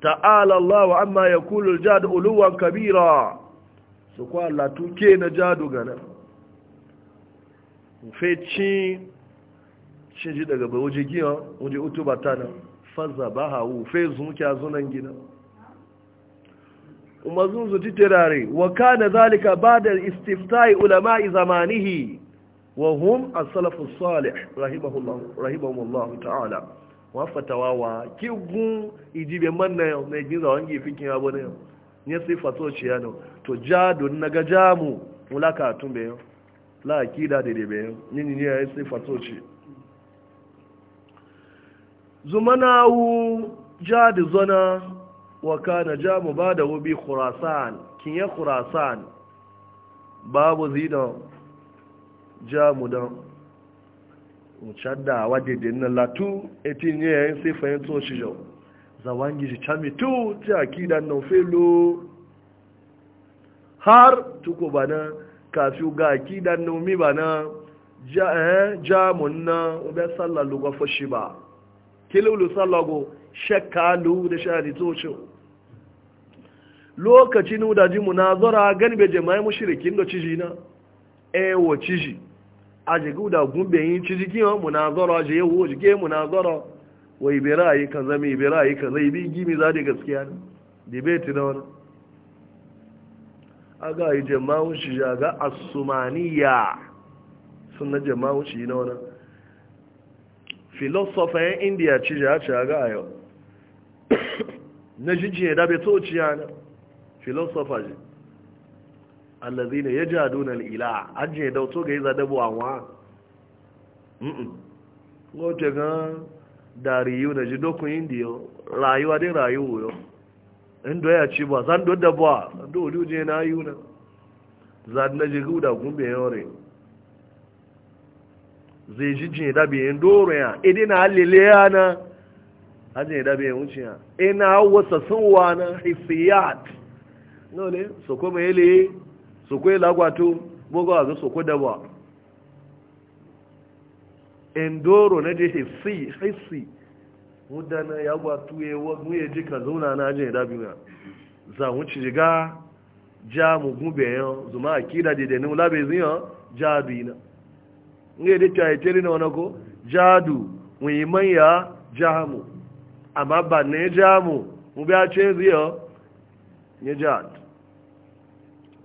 ta'ala Allah amma yakulu Jadi uluwan kabira su kwa Allah tuke na jadu gana fecin shinji daga bai waje giya waje utu ba ta nan faza ba hawu fai zunkiya zunan gina umazun su ji tirare wa ka na zalika ba da istiftai ulama'i zamanihi wa hun a salafu salih rahimahullahu ta'ala wa fatawa wa kigun ijibe manna yau na gina wangi fikin abu na yau ya sai so ciya no to jadu naga jamu mulaka tun bayan la akida daidai bayan yin yi ya ne sifa so ciya zumanawu ja da zona wa kana ja mu ba da wubi khurasan kinye khurasan babu zina ja mu don uchadda wadede na latu etinye yayin sai to shi jau zawangi shi cami tu ti akida na felo har tuko bana kafi ga akida na umi bana ja eh ja munna ubi sallallahu ga fashi ba kilulu salago shakkalu da shari tocin lokacin da ji munazara gani be jama'i mushrikin da ciji na ewo ciji a jigu da gumbe yin ciji kiyo munazara je yawo jige munazara wai birayi kan zama birayi kan zai bi gimi za da gaskiya ne debate na wani aga yi jama'un shi ga asumaniya sun na jama'un shi na wani filosofa yan indiya ci ya ci ga a yau na jijiye da bai toci yana filosofa ji allazi ne ya ji aduna ila an je da to ga yi zadabu a wa ngote ga dariyu na ji dokun indiya rayuwa din rayuwa yau inda ya ci ba zan dodda ba dole ujiye na yi na zan na ji guda gumbe yau zai ji jin dabi yin doro ya ede na halile ya na hajjin dabe yin wuce ya ina wasa sunwa na hifiyat nole soko mai yale soko yi lagwato bugu a ga soko da ba indoro na je hisi hisi mudana ya gwatu ya wagu ya ji ka zauna na hajjin dabe ya za wuce jiga ja mugun bayan zuma akida dedenin labe ziyan ja bi na nga da ta yi tere na wani ko jadu muhimman ya jahamu ama ba ne jahamu mu biya ce ziyo ya jad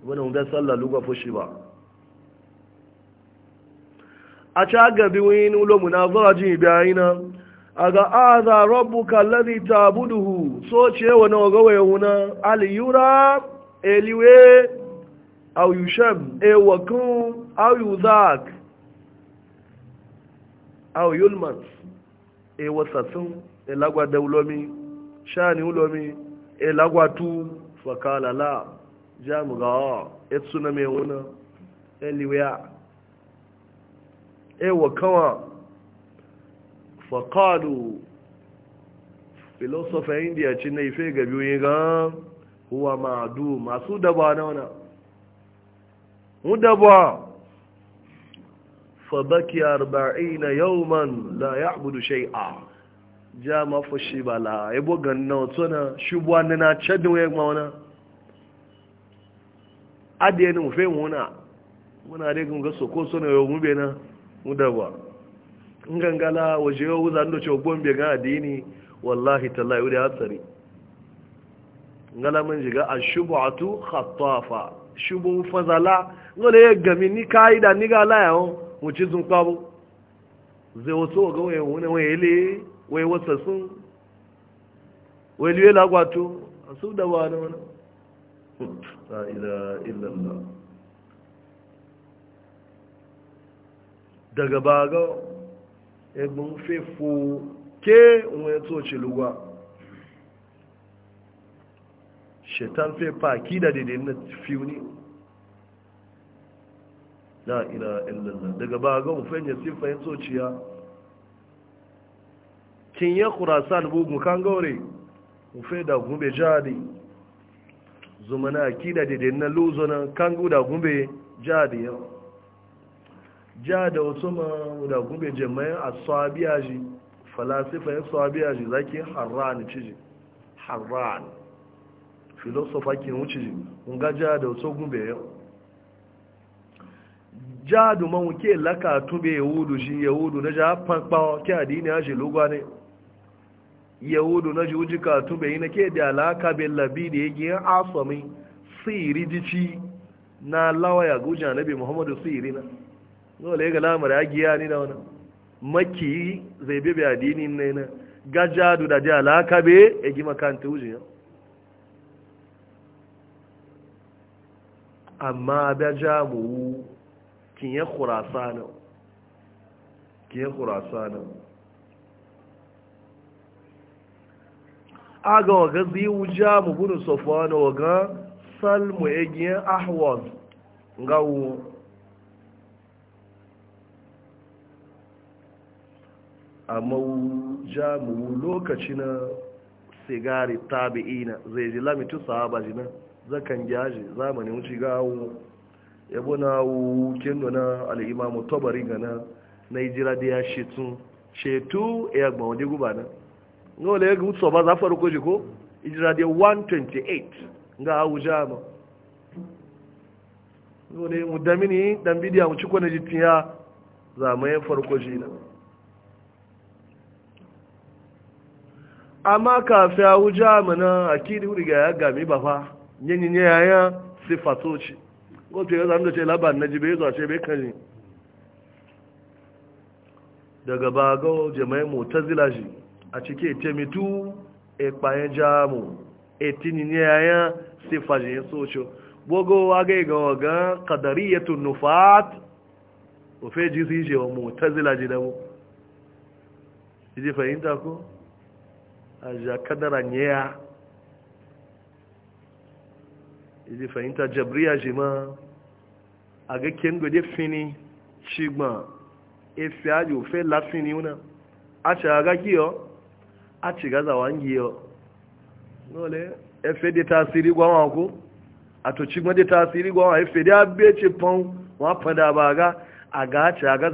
wani mu biya sallah lugwa fushi ba a ca gabi wani ulo munazara ji biya yi na a ga aza rabbuka lazi tabuduhu so ce wani ogawa yahuna aliyura eliwe au yushab ewakun au yuzak aw yulman e wasatun e lagwa daulomi shani ulomi e lagwa tu fakala la jamu ga oh, e tsuna me wuna e liwaya e wakawa faqalu philosopher indiya ci na fe ga biyu ga huwa ma'du masu daba na wana mu daba fabaki arba'ina yawman la ya'budu shay'a ja ma fushi bala ebo ganna otona shubwa na chadin ya ma wana adiye ni fe wona muna de gunga soko sona yo mube na mudaba ngangala waje yo uzan do cho bombe ga adini wallahi tallahi uri hatsari ngala man jiga ashubatu khattafa shubu fazala ngole gami ni kaida ni ga la yawo wuce sun kwabo zai wasu ga wani ile, wai wasa sun wai liye lagwato a su da wani wani la ila illallah daga baga egbun fefo ke wani toce lugwa shetan fefa ki da daidai na fiye la ila illallah daga ba ga mu fanye sifayin zuciya kin ya khurasan bu kan gaure mu da gumbe jadi zumana akida da den na luzo na kan guda gumbe jadi ya jada wato ma da gumbe jama'in asabiya ji falasifa ya sabiya ji zaki harran ciji harran filosofa kin wuci ji mun ga jada wato gumbe yau jaadu man wuke laka tube yahudu shi yahudu na ja pankpawa ke adini ya shi lugwa ne yahudu na ji wujika tube yi na ke da alaka bin labi da ya giyan Siiri siri jici na lawaya guja na bi muhammadu siri na dole ga lamar ya giya ni na. wani maki zai bebe adini ne na ga jadu da da alaka be ya gi makanta wujiya amma da jamu kinye khurasana kinye khurasana aga waga zai wuja mu gudun sofana waga salmu egiyan ahwaz gawo a wuja mu lokaci na sigari tabi'ina zai ji lamitu sahaba jina zakan gyaji zamanin wuce gawo yabo na wukin nuna al'imamu tobari gana na ijira da ya shetun shetu ya e gba wadda guba na ga wale ya gutsu ba za faru koji ko ijira da 128 ga awu jama ga wale mu damini dan bidiya mu cikwa za jitin ya zamayen farko shi na amma kafin awu jama na akidi wuri ga ya gami ba fa ya yaya sifatoci gwamnati ya zama da ce labar na jibe zuwa ce bai kan daga ba ga jama'in mu ta zila shi a cike temitu ekpayen jamu etini ne yayan sifajin socio gbogbo wa ga igawa ga kadariyatun nufat ofe ji su yi ce wa mu ta zila ji da mu ji fahimta ko a ja kadara ne ya ìdí fahimta jabriya ji ma a ń gbẹ̀dẹ́ fini cigba efe aji ofe lafini náà a ci aga giyo a ci gaza wangiyo nole efe de tasiri gwanwa a to cigba de tasiri gwanwa efe de abeci pon wa fada ba ga a ga a ci aga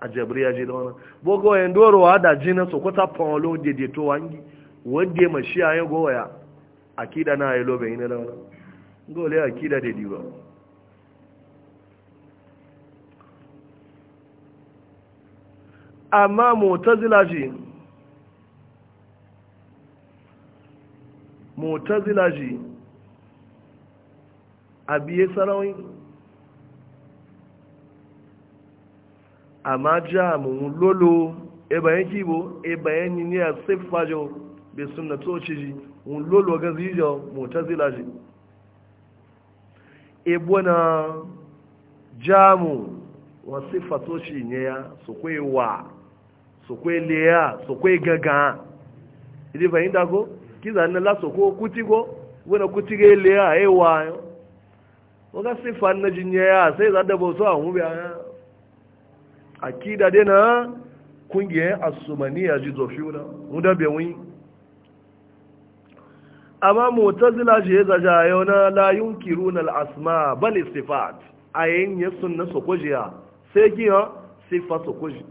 a jabriya ji da wani bogo yin e da jina sokota pon lo daidaito wangi wadda mashi a goya akida na ya lobe ina lawa gole akida da diwa amma mutazila shi mutazila shi a biye sarawin amma jamun lolo eba yanki bo eba ni ne a fajo, bai suna toci ji un lolo ga zijo mutazila ji ebona jamu wa sifatu shi ne ya su kwe wa su kwe leya su kwe gaga idi fahimta ko kiza na la su ko kuti ko wani kuti ga leya ewa yo waka sifa na jinye ya sai za da bosu a mu biya akida dai na kungiyar asumaniya ji zofiuna wuna mu da amma mutazila shi ya zaja yau na layun kirun al'asma bal istifat a yayin ya suna su kujiya sai giya sifa su kuji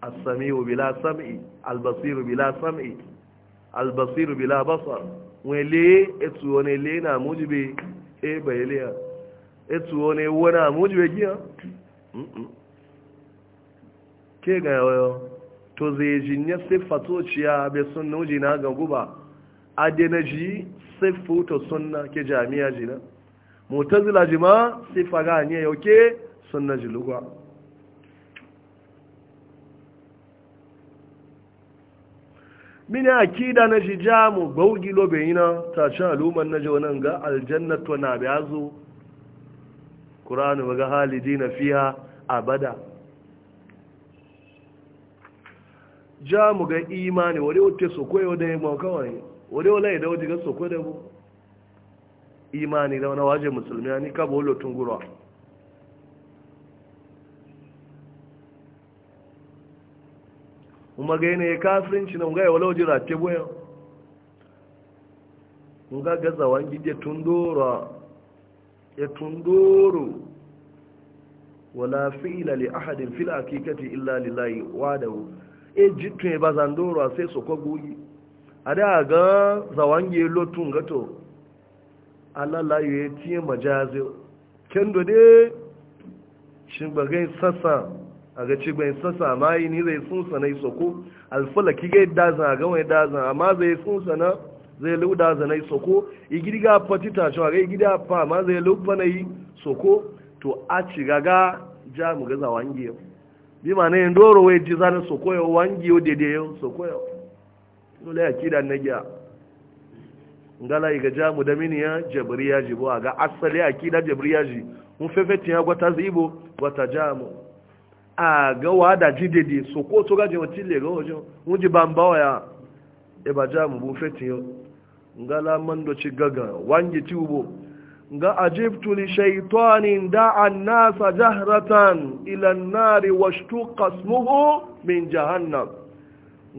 asami wa bila sam'i albasiru bila sam'i albasiru basiru bila basar wele etu wani le na mujibe e bayeliya etu wani wani mujibe giya ke ga yawayo to zai ji ne siffa tociya bai sunna uji na ga guba adena ji siffa to sunna ke jami'a ji na zila ji ma siffa ga ne yauke sunna ji lugwa mini akida na ji ja mu lobe yi na, ta ci aluman na ji wani ga aljannatu na biya zo ƙuranu ga halidi na fiya abada ja mu ga imani wale wote sokwe wade mu kawai wale wala da wajiga ko da bu imani da wani waje musulmi ani ka bolo tungura kuma ga ne kafirinci na ga wala waje te boyo nga gaza wangi je tundura ya tunduru wala fi'la li ahadin fil hakikati illa lillahi wadahu e jitun ba zandoro sai su ko gugi a da ga zawange lotun gato alala yi tiye majazi kendo dai cigbagai sassa a ga cigbagai sassa ma yi ni zai sun sanai soko alfala kigai dazan a gawai dazan amma zai sun sana zai luda zanai soko igirga fatita shi a ga igirga fa ma zai lufa na yi soko to a gaga ja mu ga zawange yau bi ma ne ndoro we dizana sokoyo wangi o dede yo sokoyo dole ya kida na giya ngala iga jamu da mini ya jabriya ji bo aga asali akida jabriya ji mun fefeti ya gwata zibo gwata jamu aga wada ji dede soko to gaje wati le ga jo mun ji bambawa ya e ba jamu bu feti yo ngala mando ci gaga wangi ti ubo ga ajibtu li shaitanin da'an nasa jahratan ilan nari wa shtuqa ismuhu min jahannam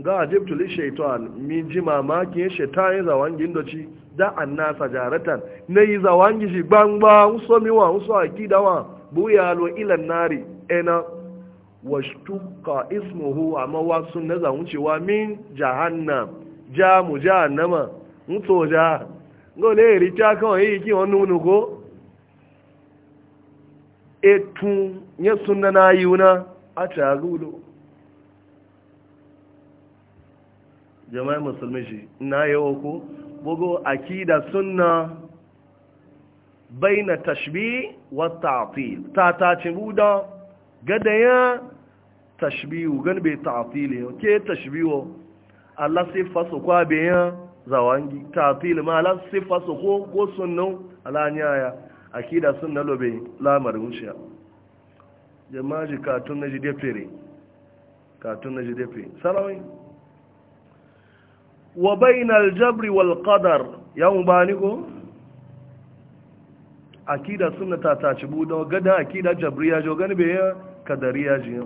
ga ajibtu li shaitan min ji mamakin shaitan zawangin doci da'an nasa jahratan nayi zawangi shi gbangba uso miwa uso akidawa buya lo ilan nari ena wa ismuhu amma wasu na cewa min jahannam ja mu jahannama mutoja ngo le eri ta kan yi ki wonu nu ko etun nye sunna na yuna a a gulo jama'a musulmi shi na yawo ko da akida bai na tashbi wa ta'til ta ta cibuda gadaya tashbihu gan be ta'til ke tashbihu Allah sai faso kwa ya zawangi tafil malam sifa su ko ko sunnu alanyaya akida sunna lobe lamar mushiya jama'a ji katun na ji defere katun na ji fere sarawai wa al jabr wal qadar yan bani ko akida sunna ta ta ci da gada akida jabriya jo gani be kadariya ji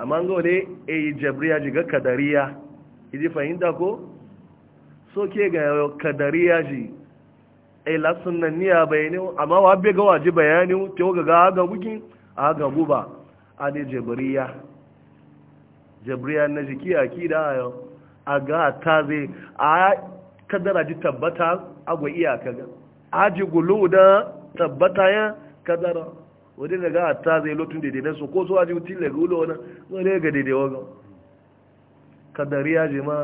amma ngode e eh, jabriya ji ga kadariya idi fahimta ko so ke ga ya ji ai la niya bayani amma wa bai ga waji bayani to ga ga ga buki a ga buba a ne jabriya jabriya na jiki kida ayo a ga ta zai a kadara ji tabbata agwa iyaka ga ji gulu da tabbata ya kadara Wani daga ta zai lotun daidai na su ko so aji utile gulo wani wani ga daidai kadari ya ji ma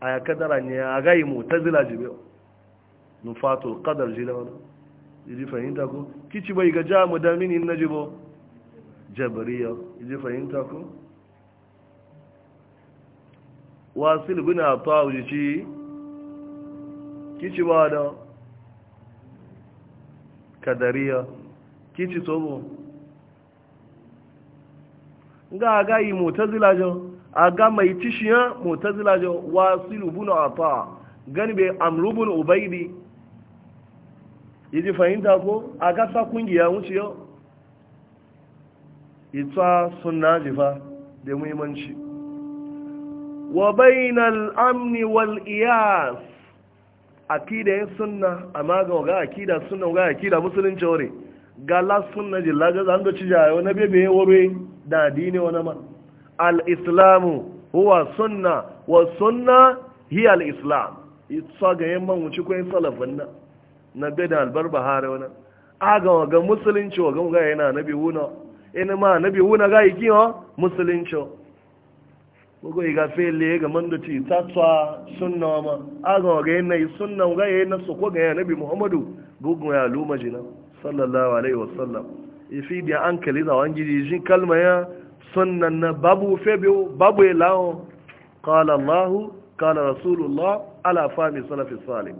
a ya kadara ne a gayi mu ta zila jibe nufatul kadar jila wani iji fahimta ko kici bai ga ja mu damini na jibo jabariya iji fahimta ko wasil bin a wujici kici ba da kadariya kici tobo ga gayi mu ta zila jibo a ga mai tishiyan mutazila jo wasilu bunu ata gani be amru bunu ubaidi yaji fahimta ko a gasa sa kungiya wuce yau ita sunna jifa da muhimmanci wa bainal amni wal iyas akida yin sunna amma ga ga akida sunna ga akida musulunci wuri, ga la sunna jillaga zan do ci jayo na bebe wore da dine wani ma al'islamu huwa sunna wa sunna hi al'islam isa ga yin man wuce kwayin salafin na na beda albar bahari wani aga waga musulunci waga waga yana nabi wuna ina ma nabi wuna ga iki ha musulunci wago iga fele ga mandoci tatwa sunna ma aga waga yana yi sunna waga yana su ko gaya yana nabi muhammadu gugu ya luma jina sallallahu alaihi wasallam ifi biya an kaliza wangiji jin kalma ya sannan babu febe babu ilawon kala allahu kala rasulullah ala fami salafi salih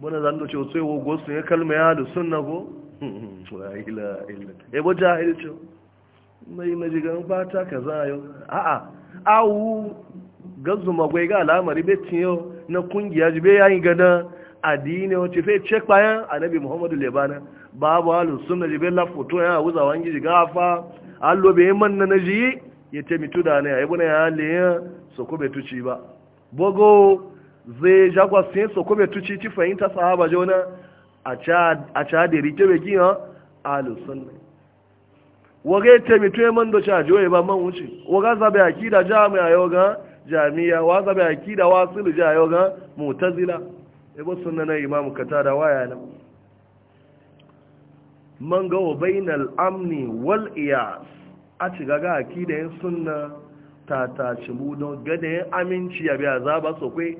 buna zan da cewa sai wogo ya kalma ya da sunna ko la ilaha illa e bo jahil ce mai majigan fata kaza yau a'a awu gazu magwai ga al'amari betin yau na kungiya ji ya yi gana addini wace fe check bayan annabi muhammadu lebana babu halin suna jibe lafoto ya wuza wangi gafa allo bai yi manna na ji ya ce mitu da ne a yi bune ya so su kube tuci ba bogo zai jagwa sin su kube tuci ci fahimta sahaba jona a ca da rike bai gina halin suna waga ya ce mitu ya man da ca joye ba man wuce waga zabe kida jami'a yau ga jami'a wa zabe kida wasu ja yau ga mutazila ya bo na imamu katada waya nan man ga wa bainal amni wal iyas a ci gaga yin sunna ta ta ci mu don yin aminci ya biya za ba su kwe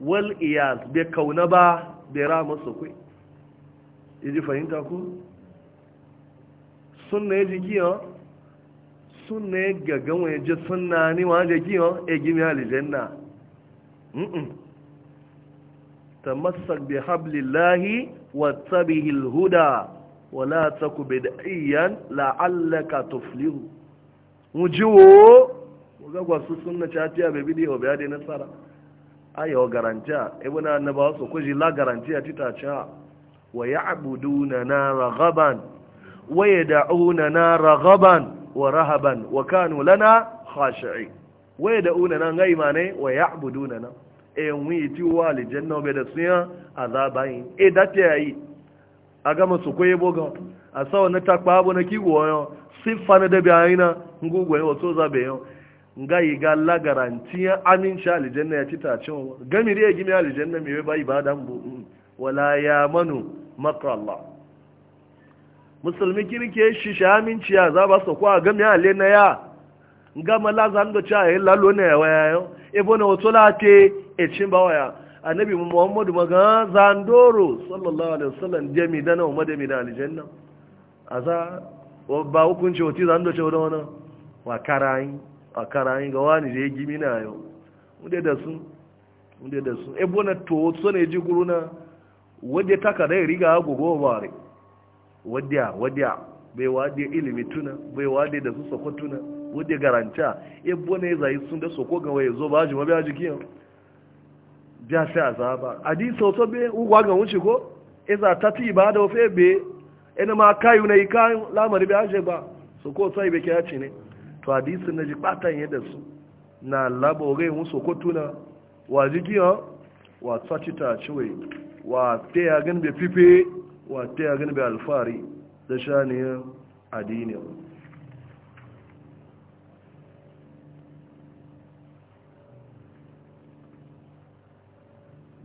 wal iyas bai kauna ba bai rama su kwe ji fahimta ku suna ya ji kiyo suna ya gagan wani ji suna ni wani ji kiyo ya gimi na. ta masar bi hablillahi wa tsabihil huda wala taku la'alla ka tuflihu mujiwo ga su sunna chatiya be bidi o biade nasara aya o garantia ibn annaba so ko la garantia tita cha wa ya'buduna na raghaban wa yad'una na raghaban wa rahaban wa kanu lana khashi'in wa yad'una na ngai mane wa ya'buduna na e wi ti wa aljanna be da suya azabain e yi. a gama su kwaye boga a sawa na takpa abu na kiwo yau siffa na dabi aina ngugwa yau so zabe yau nga yi ga la garantiya aminci na ya ci tacin gami da ya gimi alijanna mai bai ba dan bu mm. wala ya manu makrallah musulmi kirke shi shi aminci ya za ba su kwa gami alijanna ya nga mala zan da cha yi e lalo na ya waya yau ebo na wato late e cin ba waya annabi muhammadu maga zandoro sallallahu alaihi wasallam jami dana umma da mina aljanna aza ba hukunci wati zando ce wani wa karayin a karayin ga wani da ya gimi na yau inda da su inda da su ebo na to so ne ji guruna wadda ta kada ya riga gogo bare wadda wadda bai wadda ilimi tuna bai wadda da su sako tuna wadda garanta ebo ne zai sun da soko ga waye zo ba ji mabiya jikin biya fi azaba hadiso to be ugwa ga wuce ko iza tati ibada wa fe be ma kayu na ikayu lamari bi aje ba so ko sai be kiya ci ne to hadisin na ji su na labo ga tuna wa jigiya wa ciwe wa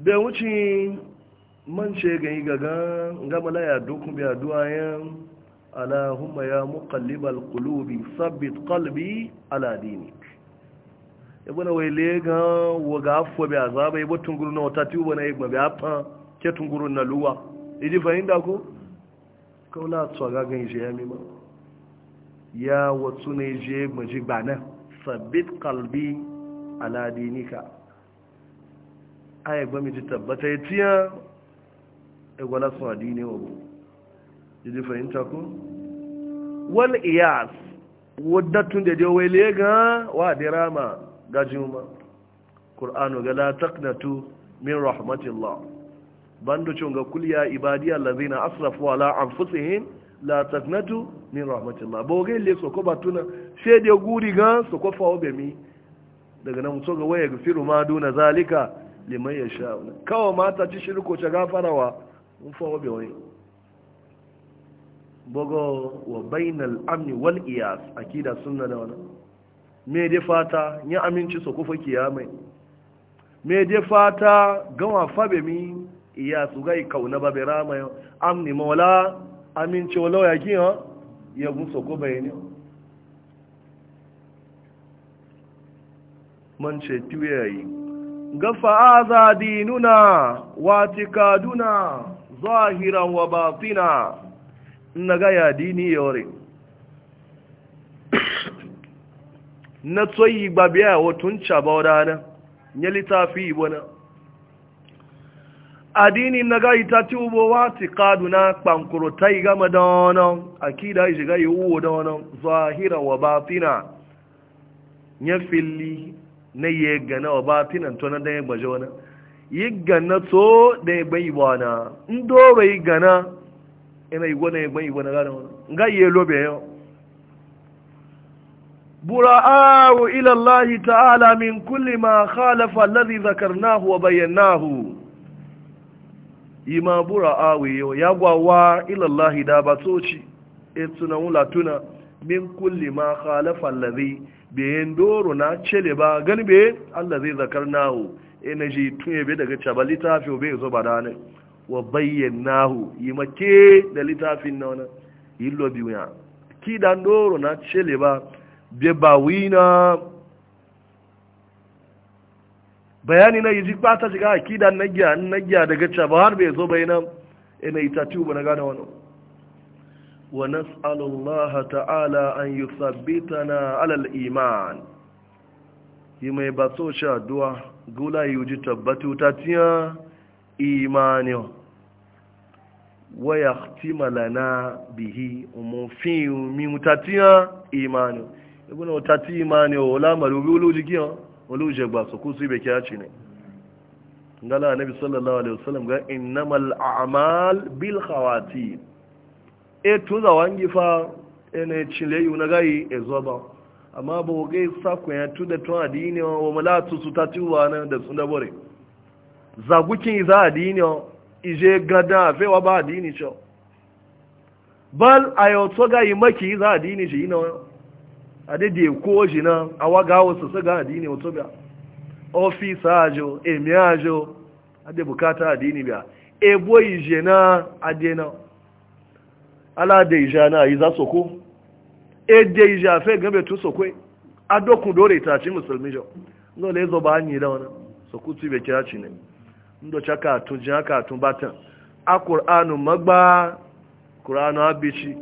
bai wuce man ce gani gaga gama laya dukkan biya duwayen alahumma ya muqallibal qulubi sabbit qalbi ala dinik ibuna wai lega waga afwa biya zaba ibu tunguru na wata tiwo na igba biya fa ke tunguru na luwa idi fahimta ko kaula ga gani je ya mima ya watsu ne je igba ji gbana sabbit qalbi ala dinika aya gbami ji tabbata ya e tiya igwala e su adini wa bu jiji fahimta ku wal iyas wadatun da dai wai ga wa dirama gajin ma qur'anu ga la taqnatu min rahmatillah bando chunga kuliya ibadiya lazina asrafu ala anfusihim la taqnatu min rahmatillah boge le so ko batuna sai dai guri ga so ko fawo be mi daga nan so ga waya firu ma duna zalika liman ya sha kawo mata ci shirko ce gafarawa in fawo bai wani bugo wa bainal amni wal iyas akida sunna da wani me dai fata ya aminci su kufa kiyamai me dai fata gawa fabe mi iyasu ga kauna babe rama amni mawala aminci walau ya kiyo ya gun so ko bayani man ce yi. gafa aza dinuna wa tikaduna zahiran wa batina na gaya dini yore na tsoyi gbabiya watun caba wadana ya littafi a dini na gayi ta ci ubo wa tikaduna kpankuru ta yi gama da wani kida shiga yi uwo da wani zahiran wa batina ya fili na yi gana wa ba finan to na dan gbaje wani yi gana to da ya gbayi ba na. ndo doro yi gana ina yi gwana ya gbayi wani gana wani nga yi lobe yau bura'ahu ila Allah ta'ala min kulli ma khalafa alladhi zakarnahu wa bayyanahu ima bura'ahu yau ya gwawa ila Allah da ba toci E wula tuna min kulli ma khalafa alladhi Biyan doro na cele ba gani be Allah zai zakar nahu Ina e ji tun yabe daga caba littafi obe zo ba dane wa bayyanahu yi make da littafin na wani yi lobi wuya ki dan doro na cele ba be ba wina bayani na yi ji kwata shiga akidan nagiya nagiya daga caba har bai zo bayanan ina e itatu ba na gane wani ونسأل الله تعالى أن يثبتنا على الإيمان يما يبطوشا دوا قولا يوجد تبتو تاتيا إيمانيو ويختم لنا به ومفين من تاتيا إيمانيو يقولون وتاتي إيمانيو ولا ملوبي ولوجي ولوجي باسوكو سيبه كياتشيني قال النبي صلى الله عليه وسلم قال إنما الأعمال بالخواتيم e tuza wangi fa ene chile yu nagai ezoba amma bo ge sakwe ya tuda to adini wa malatu sutati wa na da sunda bore zagukin za adini ije gada fe wa ba adini cho bal ayo to ga yi maki za adini shi ina adede ko shi na awaga wasu su ga adini wato ba office ajo emi ajo ade bukata adini ba ebo ije na adena ala deja na yi za soko e deja fe gabe tu soko a dokun dore ta ci musulmi jo no le zo ba ni da wannan soko tu be kira ci ne ndo chaka tu jin aka tu batan a qur'anu magba qur'anu abishi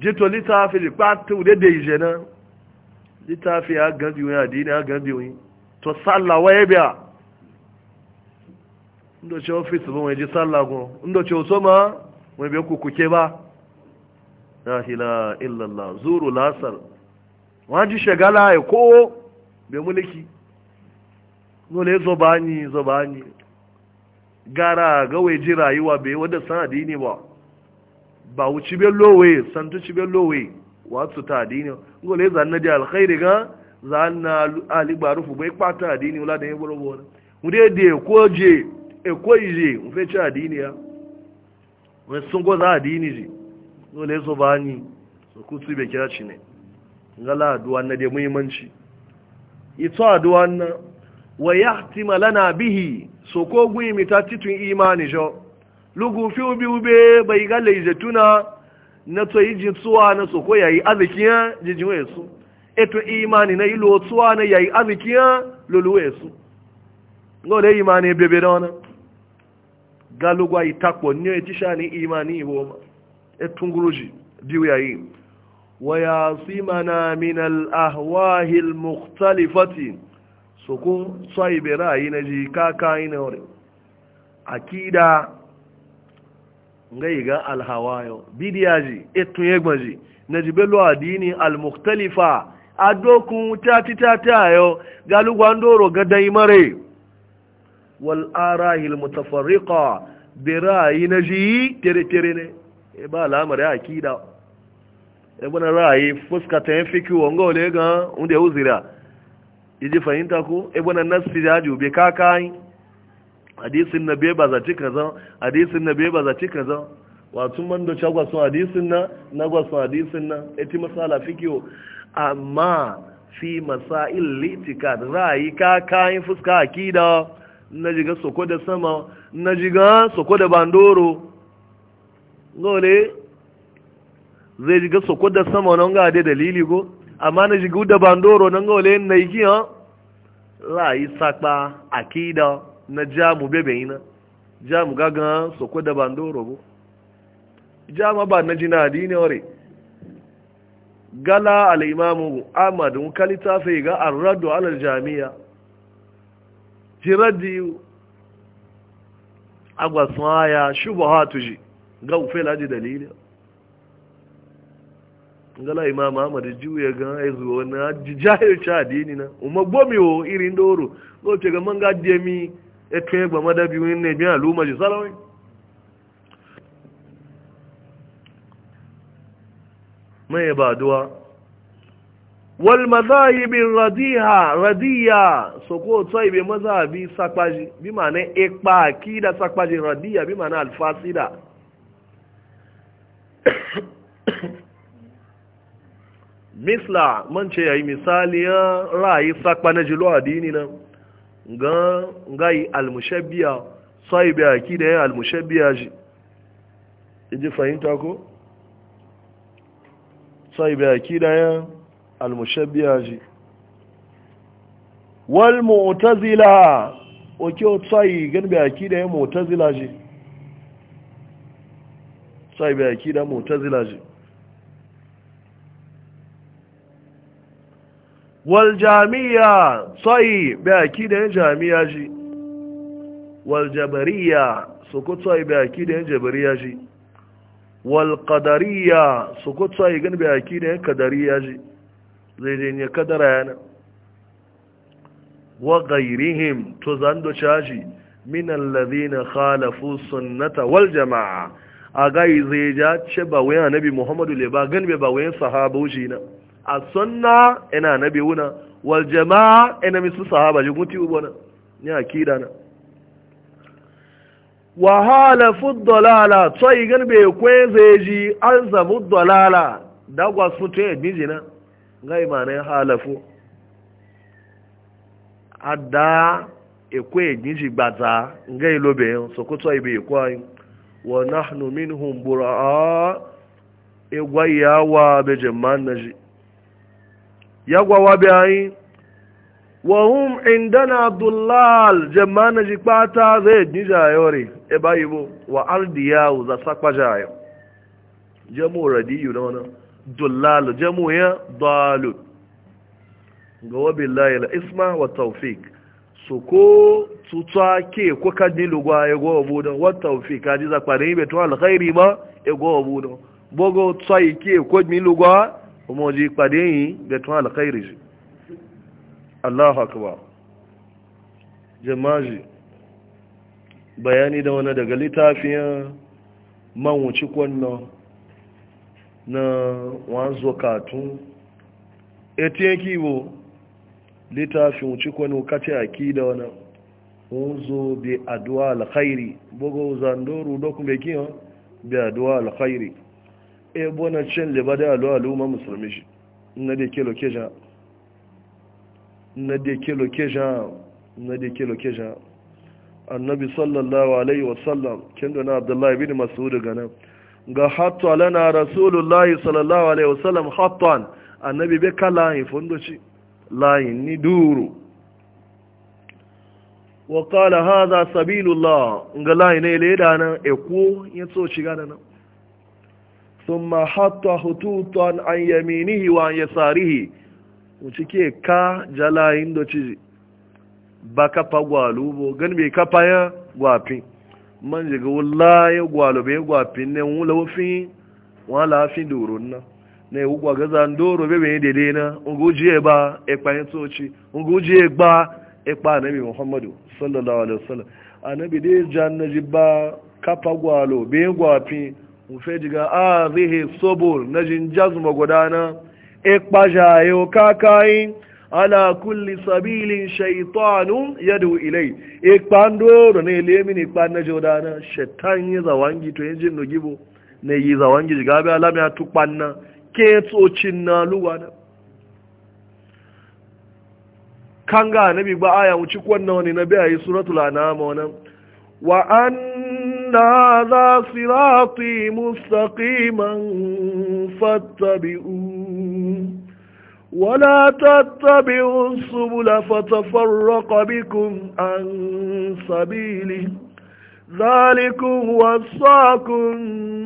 jito litafi li patu de deja na litafi a gabi adini a gabi wani to sallawa ya e biya ndo ce e ji ndo o soma wani bai kukuke ba la ila illallah zuru lasar waji shagala ya ko bai mulki dole zo ba ni zo ba ni gara ga waje rayuwa bai wanda san adini ba ba wuci bai lowe santu ci bai lowe wasu ta adini dole zanna da alkhairi ga zanna ali barufu bai kwata adini wala da ya buru buru mu dai da ko je e ko ije mu fe ci adini ya wani sun goza adini ji dole so ba ni su kutu bai kira ci ne gala aduwa na da muhimmanci ito aduwa na wa ya lana bihi so ko gwi mita titun imani jo lugu fi ubi ube bai gala ije tuna na to yi jitsuwa na so ko yayi azikiya jijin su. eto imani na ilo tsuwa na yayi azikiya lulu wesu ngole imani bebe da wannan galugwa itakpo niyo etisha ni imani iwoma etunguruji diu ya hii wayasimana min alahwahi almukhtalifati soko tsaibe ra'ayi na ji kaka ina ore akida ngai ga alhawayo bidiyaji etun yegmaji na ji belo adini almukhtalifa adokun tati tatayo galugwa ndoro gadan imare wal arahil mutafarriqa birayi na ji tere tere ne e ba al'amari a akida e bana rayi fuska ta fiki wongo le ga unde uzira iji e fahimta ko e bana nasi jaju be kakai hadisin na be ba za ci kaza hadisin na be ba za ci kaza wato man da chagwa sun hadisin na na gwa sun hadisin na eti masala fikiyo amma fi masail litikad rayi kakai fuska a akida na jiga soko da sama na jiga soko da bandoro gole zai jiga soko da sama na ga da dalili go amma na jiga da bandoro na gole na iki ha ra'ayi sakpa akida na jamu bebe ina jamu gaga soko da bandoro go jama ba na jina adini ore gala al-imamu ahmad mun kalita fa ga arradu ala jamia jiradiyu agwa sumaya shubahatu ji ga ufe laji dalilin ngala imam ahmad juya ga aizu wani ji jahil cha dini na umma irin doro go ce ga manga demi e ke gba madabi wani ne biya luma ji salawai mai ba duwa wal mazahibin radiha radiya soko tọ́ ibe bi sakpaji bi ma ní ipa akida sakpaji radiya bi ma ní alfasida misla man ce yayi misali ya ra'ayi sakpa na jilo adini na ga ngai almushabbiya sahibi akida ya almushabbiya ji ije fahimta ko sahibi akida ya almushabbiha ji wal mu'tazila oke tsayi gan bi akida ya mu'tazila ji tsayi bi akida mu'tazila ji wal jami'a tsayi bi akida ya jami'a ji wal jabariya su ku tsayi bi akida ya jabariya ji wal qadariya su ku tsayi gan bi akida ya qadariya ji zai je ne kadara yana wa gairihim to zando caji minan lazina khalafu sunnata wal jama'a a gai zai ja ce ba wayan nabi muhammadu le ba gan ba wayan sahaba shi na a sunna ina nabi wuna wal jama'a ina misu sahaba ji guti na ni akida na wa halafu dalala tsoyi gan bai kwen zai ji an zabu dalala dagwa sun tun yadda na ngai ma na halafu adda ekwe giji gbata ngai lobe sokoto ibe ekwai wa nahnu minhum buraa egwayawa beje mannaji yagwawa bi ayin wa hum indana abdullal jamanaji ji kpata zai ji jayore e bayibo wa ardiyawu za sakpa jayo jamu radiyu na wani dullalu jamu ya dalu ga wabillahi la isma wa Taufik. Su ko tutsa ke ko kadni lugwa ya gowa budon wa tawfiq kaji za kware be to alkhairi ma ya gowa budon bogo tsai ke ko mi lugwa umoji kwade yi be to alkhairi Allahu akbar jama'i bayani da wani daga littafin man wuce kwanon na wanzo katun etiyen kiwo littafin a ki da wani wanzo bi aduwa alkhairi bugu zandoro dokun bai kiyan bi aduwa alkhairi e bona cin libada alu al'umma musulmi shi na da ke lokeja na da ke lokeja na da ke lokeja annabi sallallahu alaihi wasallam kin da na abdullahi bin mas'ud ganan ga hatta lana rasulullahi sallallahu alaihi wasallam hattan annabi be kala yin fundoci layin ni duru wa qala hadha sabilullah ga layin ne leda da nan e ko so shiga da nan thumma hatta hututan an yaminihi wa an yasarihi cike ka jalayin doci baka pagwalubo gan ka kafaya gwafin man jiga wula ya gwalobe ya gwafin ne wula wufin wala fi doro na na ewu gwa gaza ndoro bebe ya dede na nguji ya ba ekpa ya tsoci nguji ya gba ekpa anabi muhammadu sallallahu alaihi wasallam anabi dai jan na ji ba kafa gwalo be ya gwafin mufe jiga a zihe sobol na jin jazuma gudana ekpa jayo kakayin ala kulli sabilin shaitanu yadu ilai ikpando da ne lemi ni kpan na jodana shaitan yi zawangi to yin no gibo ne yi zawangi ga bi alami atu panna ke tsocin na na kanga nabi ba aya wuci kwanna wani nabi ayi suratul anam wannan wa anna za sirati mustaqiman fattabi'u ولا تتبعوا السبل فتفرق بكم عن سبيله ذلكم وصاكم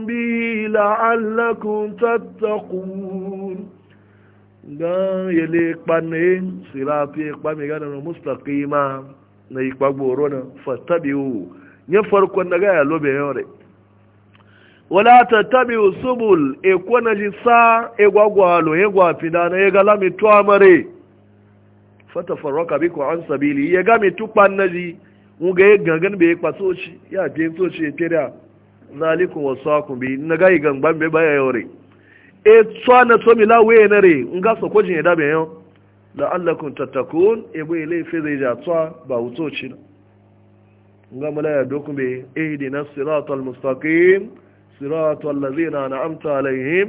به لعلكم تتقون ga yele ipa sirafi ipa e mai gane na mustaqima na ipa gboro na fatabi'u ne farkon na lobe yau wala tattabi usubul e na ji sa e gwagwalo e gwafida na e gala mi to amare fata farraka biku an sabili ya ga mi tupan na ji mu ga e gangan be kwaso shi ya je so shi e tira zalikum wasakum bi na ga gangan be baya yore e tsana so mi lawe na re nga so ko jin da be yo la'allakum tattakun e bo ile fe zai ja tsa ba wuto ci nga mala ya dokun be ihdina siratal mustaqim صراط الذين أنعمت عليهم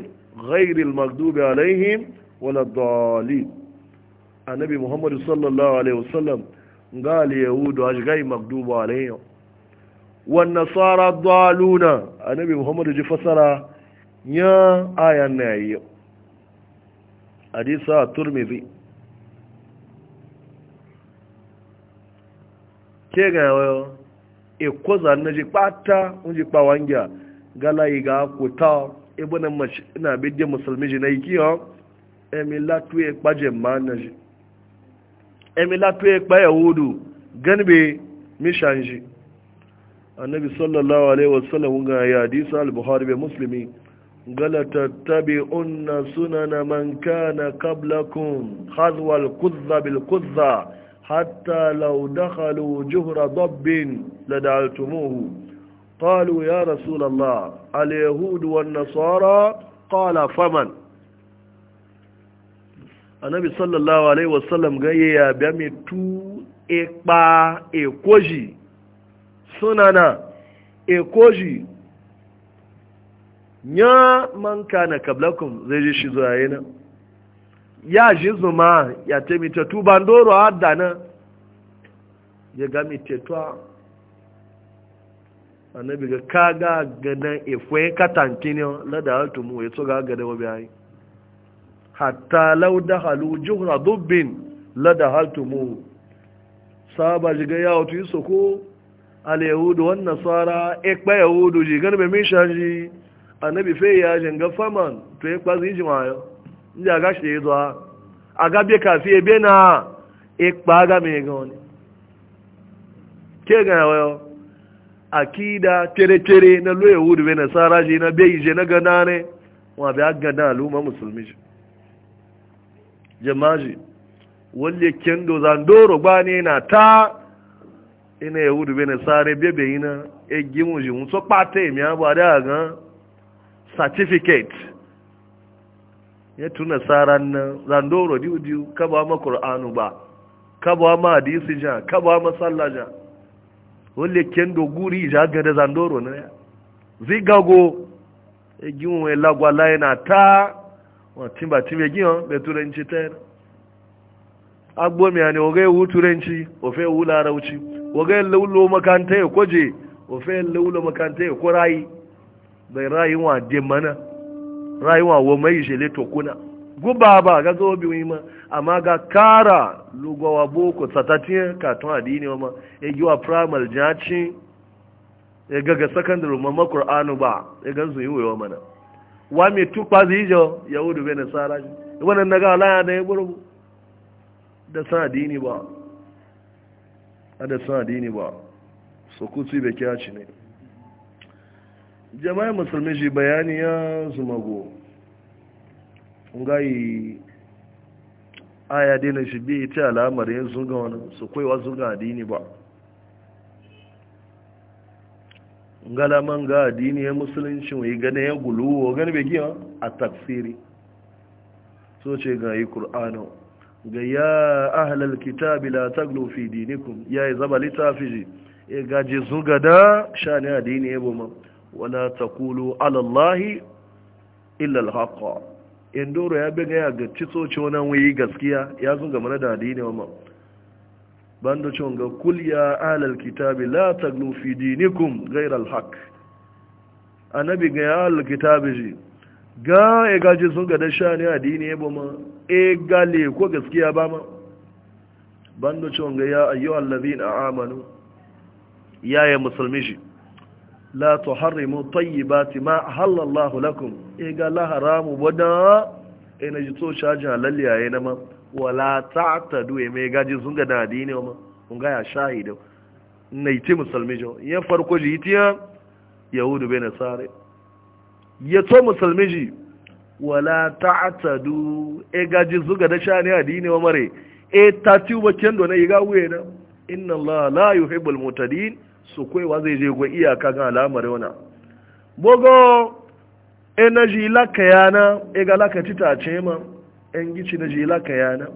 غير المغضوب عليهم ولا الضالين النبي محمد صلى الله عليه وسلم قال يهود أشغي مغضوب عليهم والنصارى الضالون النبي محمد جفسر يا آية النعية حديث الترمذي ke ga ikwaza na ji kpata ji kpawa ngiya galayi ga kuta ibn mace ina bidiyar musulmi e ji na yi kiyo emila tuye kpa jemana ji emila tuye kpa yahudu ganibe mishan ji annabi sallallahu alaihi wasallam wunga ya hadisa al-buhari bai Musulmi. gala tattabi unna sunana man kana qablakum hazwa al-kuzza bil kuzza hatta law dakhalu juhra dabbin ladaltumuhu قالوا يا رسول الله اليهود والنصارى قال فمن النبي صلى الله عليه وسلم قال يا بامي تو اقبا اقوجي سننا اقوجي nya من كان قبلكم زي je shi zuwa yana ya ji zuma ya taimita tu bandoro hadda na annabi ga kaga gana efwe katanki ne lada da hatu mu ya tsoga gada wa biyayi hatta law halu juhra dubbin la da hatu mu saba jiga ya wato yi soko alayahudu wani nasara ikpe yahudu ji gani be min shaji annabi fe ya ga faman to ya kwazi jimayo inda ga zuwa. zo aga be kafi ebe na ekpa ga me gani ke ga wayo akida tere-tere na lo yahudu bai nasara je na bai je na gana ne wa bai gana al'umma musulmi je jamaji wale kendo zandoro ba ne na ta ina yahudu bai nasara bai bai na egi mu mun so pata emi abu ada gan certificate ya tuna na, nan zandoro diu diu kaba ma qur'anu ba kaba ma hadisi ja kaba ma sallah ja wole kendo guri ja za ndoro na ya zigago egin wọn e lagwa laye na ta wọn timba timbe gin on be turanci tena agbomi ani oge wu turanci ofe wu larauci oge laulo makanta ya koje ofe laulo makanta ya korayi bai rayuwa de mana rayuwa wo mai jele tokuna guba ba ga zo bi ma amma ga kara lugawa boko tsatatin katon adini ma ya e yi wa primal jaci ya e gaga secondary mamma ƙur'anu ba ya e ganzu yi wuyo mana wa mai tukpa zijo yahudu bai tsara shi wannan na ga alaya da ya gurbu da san adini ba a da san adini ba su kutsu bai kya ci ne jama'a musulmi shi bayani ya zumago ngayi aya dina shi bi ita alamar yin zunga wani su kwaiwa zunga addini ba galaman ga addini ya musulunci mai gane ya guluwo gani bai giya a tafsiri so ce ga yi ƙur'ano ga ya ahalar kitabi la taglo fi dinikum ya yi zaba littafi ji ya gaji zunga da sha ne ya ma. wala takulu alallahi illal haqqa indoro ya bin gaya ga cisoci wani wuyi gaskiya ya ga mana da adini wamma bando cin ga kul ya alal kitabi la taglu fi dinikum ghayra alhaq haqq annabi ga ya alal kitabi ji ga e gaji sun ga da shani dini ya bama e gale ko gaskiya ba ma bando cin ga ya ayyuhal ladina amanu ya ya musulmi shi la tuharrimu tayyibati ma halallahu lakum iga la haramu wada ina ji to shaji halalli yayi na ma wala ta'tadu e mai gaji sun ga dadini ma kun ga ya shahidu na yiti musulmi jo ya farko ji tiya yahudu bai nasare ya to musulmi ji wala ta'tadu e gaji sun ga da shani adini ma mare e tatu ba kendo na iga wuye na inna allaha la yuhibbul mutadin su kwaiwa zai je gwa iyaka ga alamar yana bogo energy laka yana e ga laka tita ce ma en gici na ji laka yana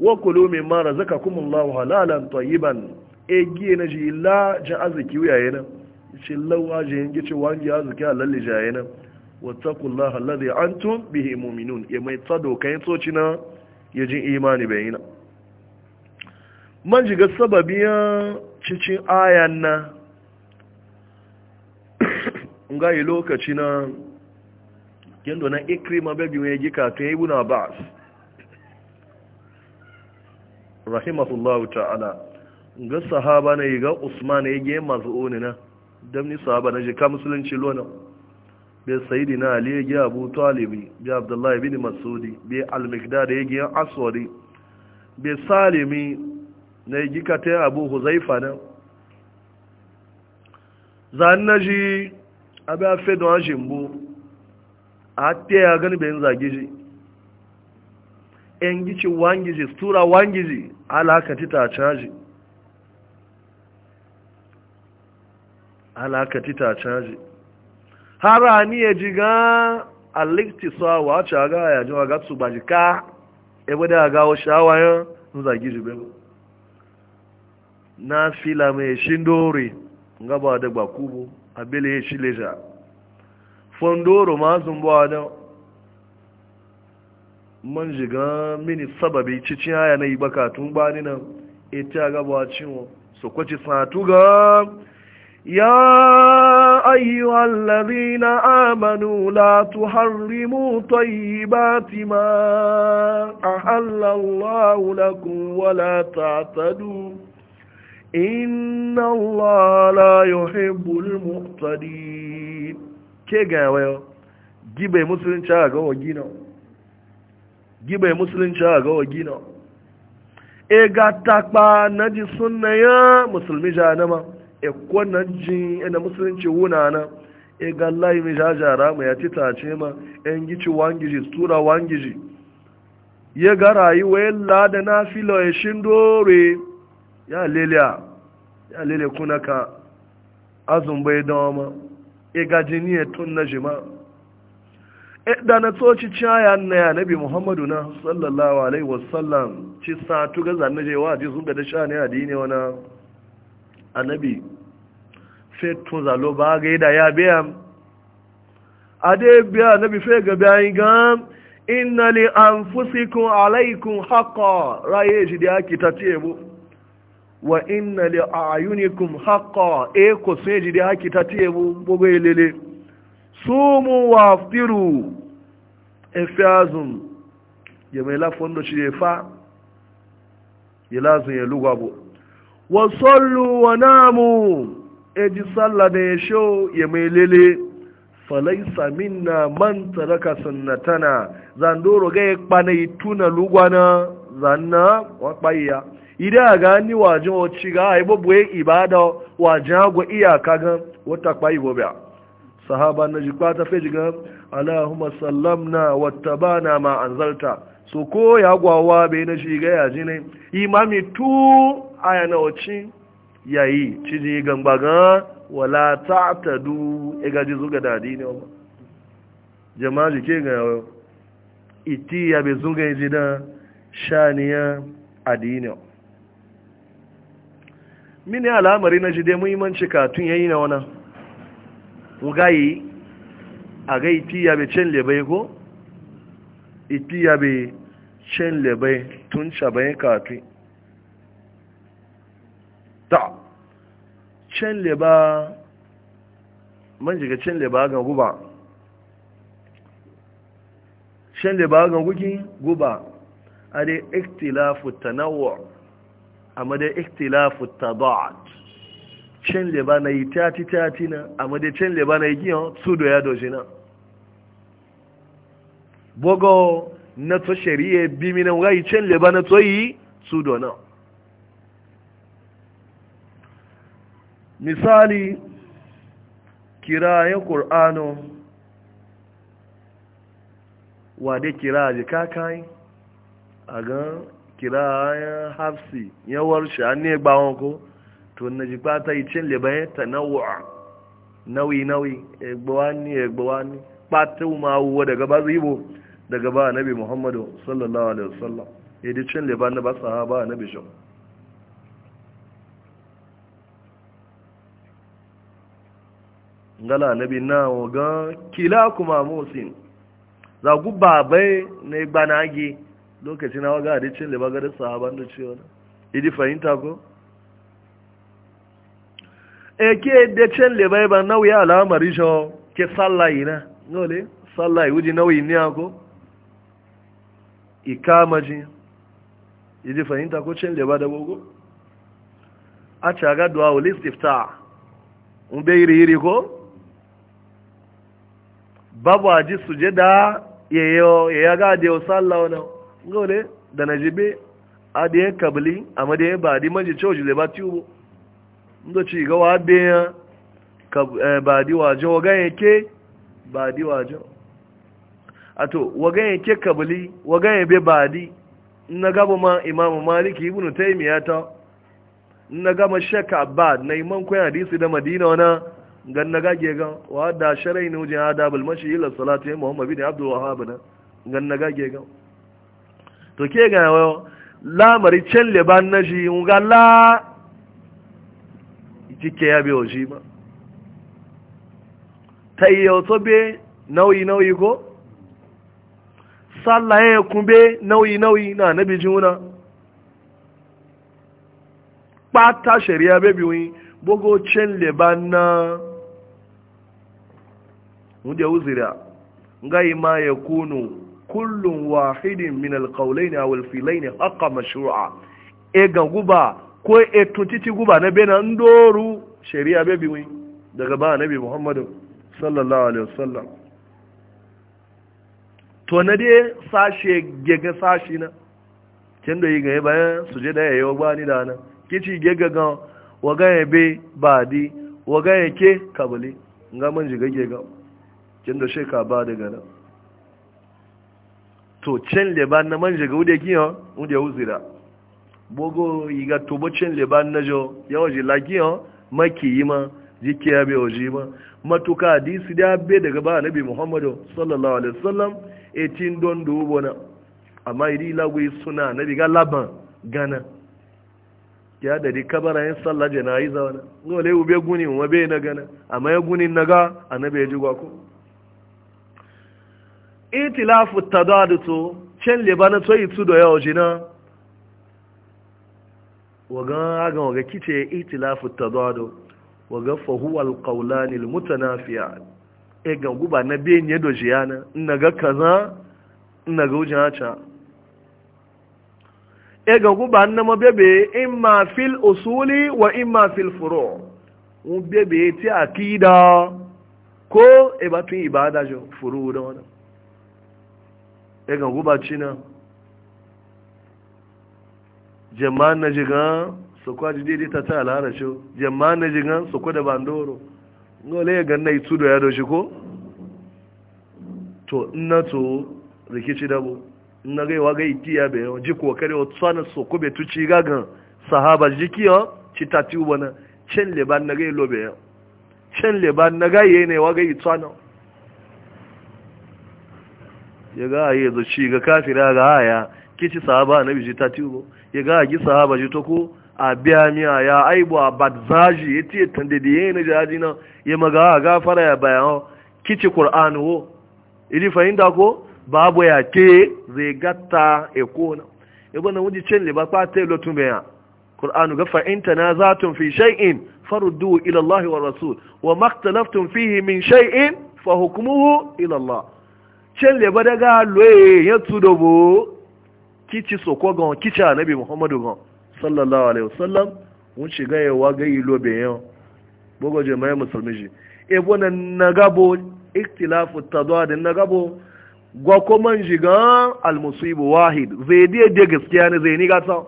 wa kulu min ma razakakumullahu halalan tayyiban egi na ji la ja azki wa yana ce lawa je en gici wangi azki ja yana wa taqullaha alladhi antum bihi mu'minun e mai tsado kai tsoci na yajin imani bayina manji ga sababiyan cikin ayan na nga yi lokaci na yadda na ikrima bebi mai gika tun yi buna ba rahimahullahu ta'ala ga sahaba na yi ga usman ya ge masu oni na damni sahaba na jika musulunci lona bai sayidi na ali ya ge abu talibi bai abdullahi bin masudi bai almikdar ya ge aswari bai salimi na yi gika ta abu huzaifa nan zan na ji abu a fi don shi mbu a ta ya gani bayan zage shi yan gici wangiji tura wangiji alakati ta caji alakati ta caji har a ni ya ji ga aliktisawa wace a ga ya ji wa gatsu ba ji ka ebe da ga wasu shawayen zage shi bai na fila mai shindori ga ba da bakubu a bele shi leja fondoro masu buwa da man jiga mini sababi cikin haya na ibaka tun ba ni nan ita gaba cinwo su kwaci satu ga ya ayyuhu allazina amanu la tuharrimu tayyibati ma ahalla Allahu lakum wa la ta'tadu ta inna Allah la yuhibbul muqtadin ke ga wayo gibe musulunci ga wagina gibe musulunci ga wagina e ga takpa naji sunna ya musulmi janama e ko naji ina musulunci wuna na e ga lai mi jajara ma ya titace ma en gici wangiji tura wangiji ya ga rayuwa yalla da nafilo ya shindore ya lele ya lele kuna ka azun bai dawa ma e gaji ni ya e tun na jima e da na tsoci caya na ya nabi muhammadu na sallallahu alaihi wasallam ci sa tu ga zanne je wa ji sun da sha ne adini wana annabi sai tun za lo ba ga da ya biya ade biya nabi fe ga biya ga inna li anfusikum alaikum haqqan raye ji da ki tatiye mu wa inna li ayunikum haqqa e ko seji de haki ta tiye bu bogo su sumu wa aftiru e fiazun ya mai lafon da shi fa ya lazun ya lugwa bu wa sallu wa namu e ji salla da ya sho ya mai lele falaisa minna man taraka zan zandoro ga ya kpanai tuna lugwana zanna wa kpayya Idan ga gani wajen wacce ga ai babu yin ibada wajen ga iyaka ga wata kwayi gobe sahaba na jikwa ta fi jigan allahumma sallamna wattabana ma anzalta so ko ya gwawa bai na shiga ya ji ne imami tu aya na wacce yayi ciji gangbaga wala ta'tadu iga e ji zuga dadi ne ba jama'a jike ga iti ya be zuga ji da shaniya adini mini al'amari na jide muhimmanci katun yayi na wana ugayi a ga ya be can lebe ko ya be can lebe tun cabayin katun ta can leba man jiga can leba ga guba can leba ga guki guba a dai iktilafu tanawar amma dai ikhtilafu tabat cin leba na yi tati tati na a madai cin leba na yi giyan su da ya doji na bogo na to shari'a bi minan wayi cin leba na to yi su da na misali kirayen ƙur'ano wa dai kira jikakai a gan kira hafsi ya shi an ne gbawon ko to na ji pata icin libayen ta nawa nauyi-nauyi egbawa ni egbawa ni pata umaruwa daga ba zibo daga ba nabi muhammadu sallallahu alaihi wasallam di cin liban na ba sahaba nabi shi gala nabi na ga kila kuma motsin za gubba bai na igba agi lokacin hawa ga hadicin da bagarin sahaban da ce wani idi fahimta ko eke da can le bai ba nauyi al'amari shi ke sallayi na nole sallayi wuji nauyi ne ako ikama ji idi fahimta ko can le ba da gogo a ci aga duwa wuli stifta iri iri ko babu aji suje da yayo ya ga da sallawa na ngole da na jibe a da ya kabili a ma da ya ba di maji coci da ba tiwo ndo ci gawa da ya eh, ba di wajo ga yake ba di wajo ato waga yake kabili waga yabe ba di na gaba ma imamu maliki ibn taymiya ta na gama shek abad na iman kwayan hadisi da madina wana gan na gage ga wa da sharai ne wajen adabul mashi ila salatu ya bin abdullahi abu na gan na gage ga to ke ga lamari can leban na shi nga la jike ya bewa shi ba ta yi yauto be nauyi-nauyi ko sallaye ya kumbe nauyi-nauyi na nabi juna pata shari'a bebi wi bogo can leban na wunde uzira nga ma ya kunu kullum wahidin min alƙaulai ne a walfilai ne haka mashru'a e ga guba ko e tuntuti guba na bena ndoru shari'a bebi wai daga ba nabi muhammadu sallallahu alaihi wasallam to na dai sashe gega sashi na can da yi ga ya bayan su je da ya yi wa gbani da nan kici gega ga wa ya be ba di wa ya ke kabali nga man jiga gega can da sheka ba daga nan to can leban na manje ga wude giyo wude wuzira bogo yiga to bo can leban na jo ya waje lagiyo maki yi ma jike ya be ji ma matuka disi da be daga ba nabi muhammadu sallallahu alaihi wasallam etin don dubo na amma idi lagwi suna nabi ga laban gana ya da di kabara yin sallah janaiza zaune ngole ube guni wabe na gana amma ya guni naga annabi ya ji gwako itilafu tadaditu cin libana to yi tudo yau jina wagan agan waga kice itilafu tadadu waga fahuwa alqawlani almutanafiya e ga guba na do na ga kaza na ga e ga guba na mabebe imma fil usuli wa imma fil furu' un ga gubaci china jama'an na jigan su kwaji daidai ta ta alhara shi jama'an na jigan su da bandoro ngole ya ganna itu da ya doshi ko to ina to rikici dabo ina gaiwa ga itiya bai yawon ji kuwa kare wata sanar su kube tuci gagan sahaba jikiyo ci tati ubana can leban na gai lobe yau can leban na gai yanayi wa gai itu sanar ya ga a yanzu shi ga kafira ga haya kici sahaba na biji ta tiwo ya ga gi sahaba ji ta ko a biya miya ya aibu a badzaji ya tiye tande da yi na jaji na ya maga a gafara ya bayan kici qur'an wo idi fahimta ko babu ya ke zai gata ya kona ibn wuji cin liba ta kwate lotun bayan kur'anu ga na za tun fi shai'in faruddu ila Allah wa rasul wa maktalaftum fihi min shay'in fa hukmuhu ila le ba daga loye ya tudo bo kici soko gon kici annabi muhammadu gan sallallahu alaihi wasallam mun ga yawa ga ilo be yau bogo mai musulmi ji e bona nagabo ikhtilafu tadad nagabo gwa ko man ga al musibu wahid zai e de gaskiya ne zai ni ga ta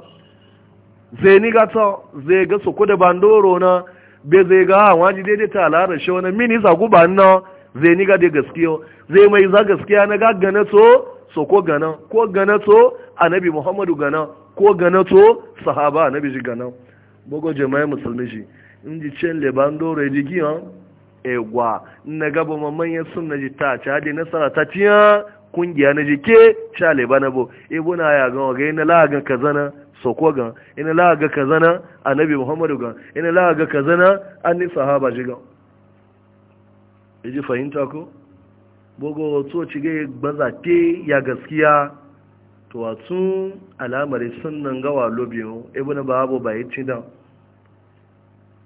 zai ni ga ta zai ga soko da bandoro na be zai ga wani daidai ta alara shi wani mini zaguba na zai ni ga da gaskiya zai mai za gaskiya na gaggana to so ko gana ko gana to annabi muhammadu gana ko gana to sahaba annabi ji gana bugu jama'i musulmi shi in ji cin lebando rejigiyan egwa eh, na gaba mamman sun na ji ta ci hadi nasara ta ciya kungiya na jike cha na bo ibu eh, na ya gan waga ina ka zana kazana ko gan ina la ga kazana annabi muhammadu gan ina ka zana kazana ni sahaba ji gan ji fahimta ko bogo to cige bazate ya gaskiya to wato alamari sunnan gawa lobiyo ibn babu bai ci da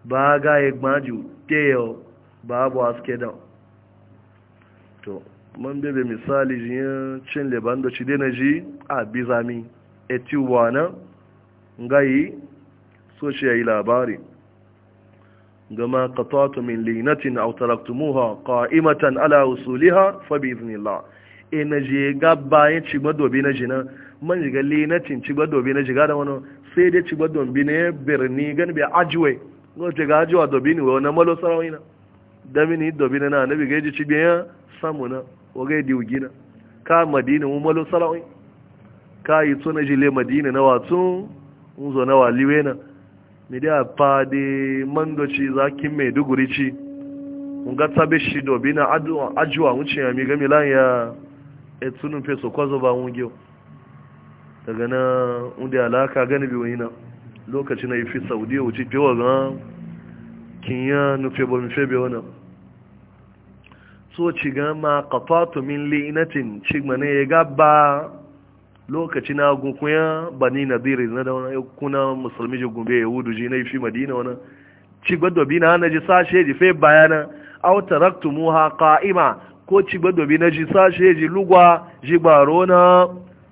ba ga ya gbaju teyo babu aske da to man bebe misali jiyan cin lebando ci dena ji a bizami etiwana yi so shi ya yi labari gama qatatu min linatin aw taraktumuha qa'imatan ala usuliha fa bi E na je gaba yin ci na jina man jiga linatin ci madobi na jiga da wani sai dai ci madobi ne birni gan bi ajwe go ce ga ajwa dobi ne wani malo sarawina da mini dobi na nabi ga ji ci biya samuna o ga di ugina ka madina mu malo sarawin ka yi tsona jile madina na watsun mu zo na waliwena mi da fadi mandoci zakin maiduguri ci nga tabe shi dobi na ajuwa wuce ya mi ga milan ya etunun feso kwazo ba wunge daga na wunde alaka gani bi yi na lokaci na ifi saudiya wuce fewa ga kinya nufe ba nufe bi wani so ci ga ma kafatu min li'inatin cigma ne ya gaba lokaci na gunkunya bani nadiri na dauna ya kuna musulmi ji gumbe yahudu ji na fi madina wani ci gbadobi na hana ji sashe ji fe bayana au mu muha ka'ima ko ci gbadobi na ji sashe ji lugwa ji gbaro na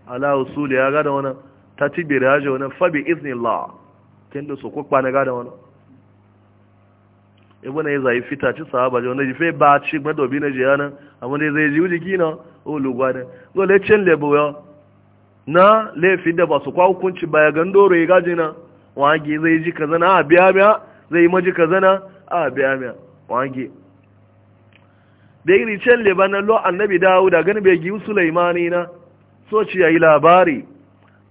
ala usuli ya gada wani ta ci bere ya wani fabi iznillah kin da su kukpa na gada wani ibu na yi zai fita ci sahaba ji wani ji fe ba ci gbadobi na ji hana. amma dai zai ji wuji gina o lugwa ne gole cin lebo ya na laifi da ba su kwa hukunci baya gando ya gaji na wage zai ji ka zana a biya biya zai maji ka zana a biya biya wage da yi can lebanon lo annabi da gani bai giyu sulaimani na so ci ya yi labari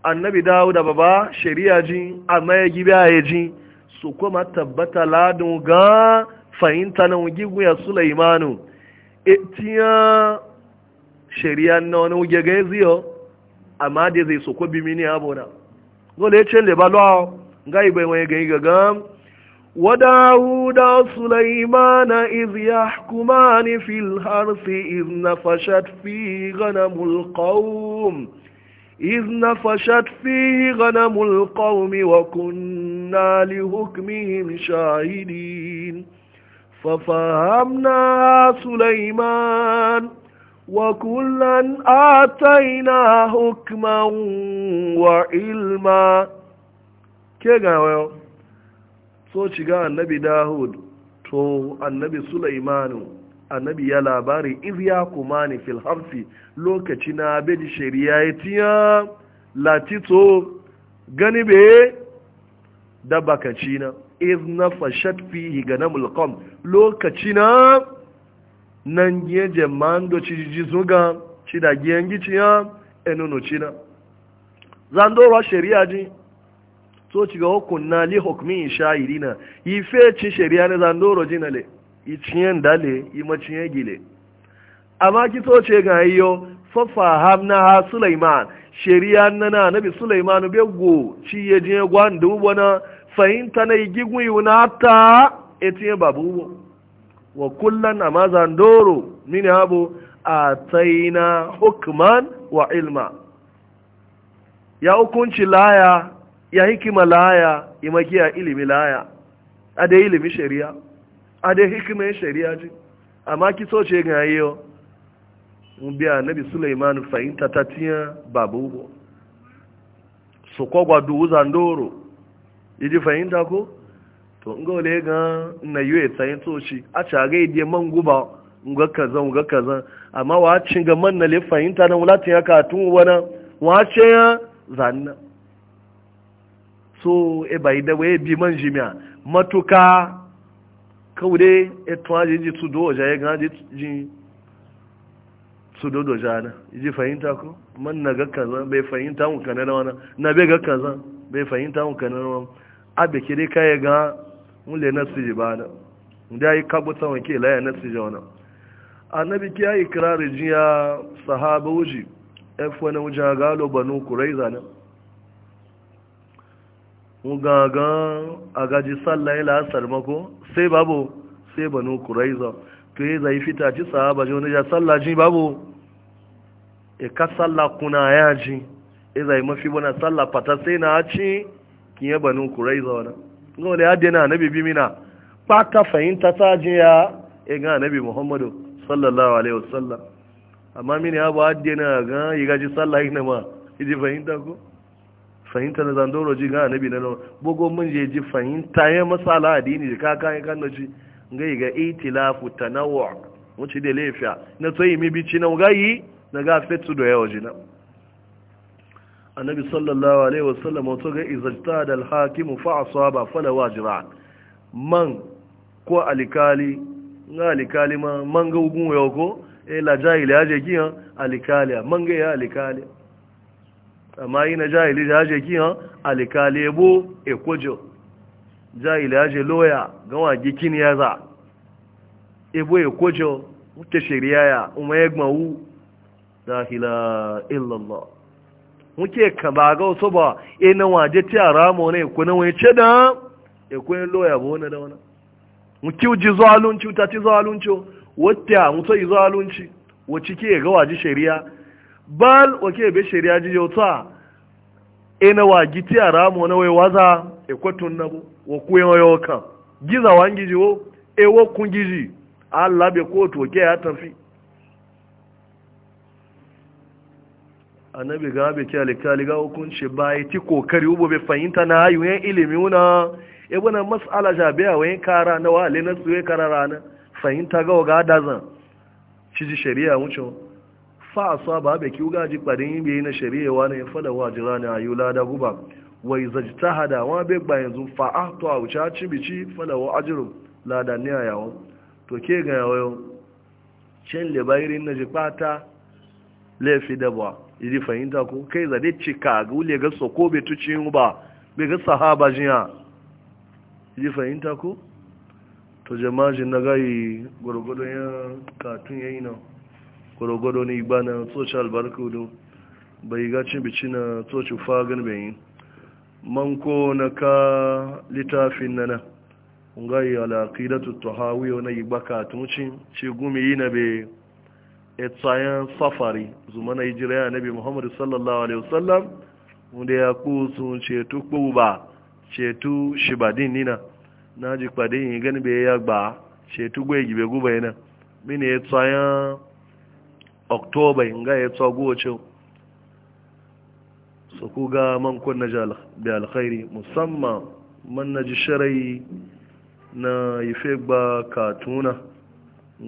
annabi da ba ba shari'a ji amma ya a ya ji su kuma tabbata ladin ga fahimta na wugigu ya sulaimanu etiya shari'a na wani wuge ga ziyo amma da zai so ko bimi ne abona dole ce le ba lo ga ibe wa ga ga ga wa dauda sulaiman iz yahkuman fil harf iz nafashat fi ghanamul qawm iz nafashat fi ghanamul qawm wa kunna li hukmihim shahidin fa fahamna sulaiman وكلا آتينا حكما وعلما كيغاويو سوچي غا النبي داود تو النبي سليمان annabi ya labari iz ya kuma ne fil lokaci na beji shari'a ya tiya latito gani be da bakaci na iz na fashat fihi ga na mulkam lokaci na nan giyan jama'an do ci zuga ci da giyan gici ya enunu cina zandorwa shari'a ji so ci ga hukun na li hukmin sha'iri na ife fe ci shari'a na zandoro ji nale le yi ciyen dale yi maciyen gile amma ki so ce ga yiyo fafa hamna ha suleiman shari'a na na nabi sulaiman be go ci ye je gwan dubo na fahimta na yi gigun na ta etiye babu wa kullan a mazan doro mini abu a taina hukman wa ilma ya hukunci laya ya hikima laya imakiya ilimi laya a da ilimi shari'a a da hikimin shari'a ji amma kiso ce ga yiyo biya nabi suleiman fahimta ta tiya babu su kogwa duwuzan doro yi fahimta ko to in ga wale ga na yiwe tsayin toci a caga idiye man guba ga kaza ga kaza amma wa cin ga man na le fahimta nan wala ya ka tun wani wa ce ya zanna so e bai da waye bi man jimiya matuka kawde e tuwa ji ji e do ja ya ga ji su dodo jana ji fahimta ko man na ga kaza bai fahimta mun kana na wana na bai ga kaza bai fahimta mun kana na wana abe kire kai e ga mule nasiji ba na da yi kabuta wanke laye nasiji wani annabi ki ya yi kirari ya sahaba wuji f wani wujen galo banu kurai zane mugagan agaji sallaye la'asar mako sai babu sai banu kurai za to yi zai fita ci sahaba ji wani ya sallah ji babu e ka sallah kuna ya ji e zai mafi wani sallah fata sai na ci kiye banu kurai za wani ngole ya dena annabi bi mina ba ta fahimta ta ya e ga muhammadu sallallahu alaihi wasallam amma mini abu ba dena ga yi gaji sallah ina ma iji fahimta ko fahimta na zandoro ji ga annabi na bogo mun je ji fahimta ya masala addini ka kan kan no ji ga yi ga itilafu tanawwu mu da lafiya na tsayi mi na ga yi na ga fetu da yawa annabi sallallahu alaihi wasallam wato ga izalta da alhakimu fa asaba fala wajra man ko alikali na alikali man man ga ugun wayo ko e la jahili aje kiyan alikali man ga ya alikali amma yi na jahili da aje kiyan alikali ebo e kojo jahili aje loya ga wa gikin ya za e ebo e kojo mutashiriya ya umma yagmawu la ilaha illallah muke kaba ga wasu ba ina eh, waje ti a ramo ne ku na wace da Ya eh, ku yin loya ba wani da wani muke ji zalunci ta ci zalunci oh. wata mutu yi zalunci wacce ke ga waje shari'a bal wake bai shari'a ji yauta ina eh, waje ti a ramo na wai waza e kwatun na bu wa ku yin yau kan giza wangiji wo oh. e kun giji Allah bai kotu wake ya tafi annabi ga bai ke alikali ga hukunci bai ti kokari ubo bai fahimta na ayyuyen ilimi wuna ibuna e mas'ala ja biya wayin kara na wale na tsuwe kara rana fahimta ga waga dazan ciji shari'a wuce fa aswa ba bai kiwu gaji kwadin yi biyi na shari'a wani ya fada wa jira ne ayu lada guba wai ta hada wa bai ba yanzu fa to a wuce ci bici fada wa ajiru lada ne a yawon to ke ga yawon cin libairin na jikpata laifi dabuwa idi fahimta ko kai zade cika ga wule ga soko bai tuci ba bai ga sahaba jiya idi fahimta ko to jama'ajin na gayi gwargwado ya katun yayi na gwargwado ne ba na tsoci albarku don bai gacin bici na tsoci fagen bayin manko na ka littafin nana ngayi alaƙidatu tuhawiyo na yi baka tumucin ce gumi yi na bai etsayen safari zumana hijira ya nabi muhammadu sallallahu alaihi wasallam wanda ya ku sun cetu kuba cetu shibadin nina na ji kwade yin gani bai ya gba cetu gwe gibe guba yana mini etsayen oktoba ga ya tsa goce su ku ga man kunna da alkhairi musamman man na ji sharai na ife gba katuna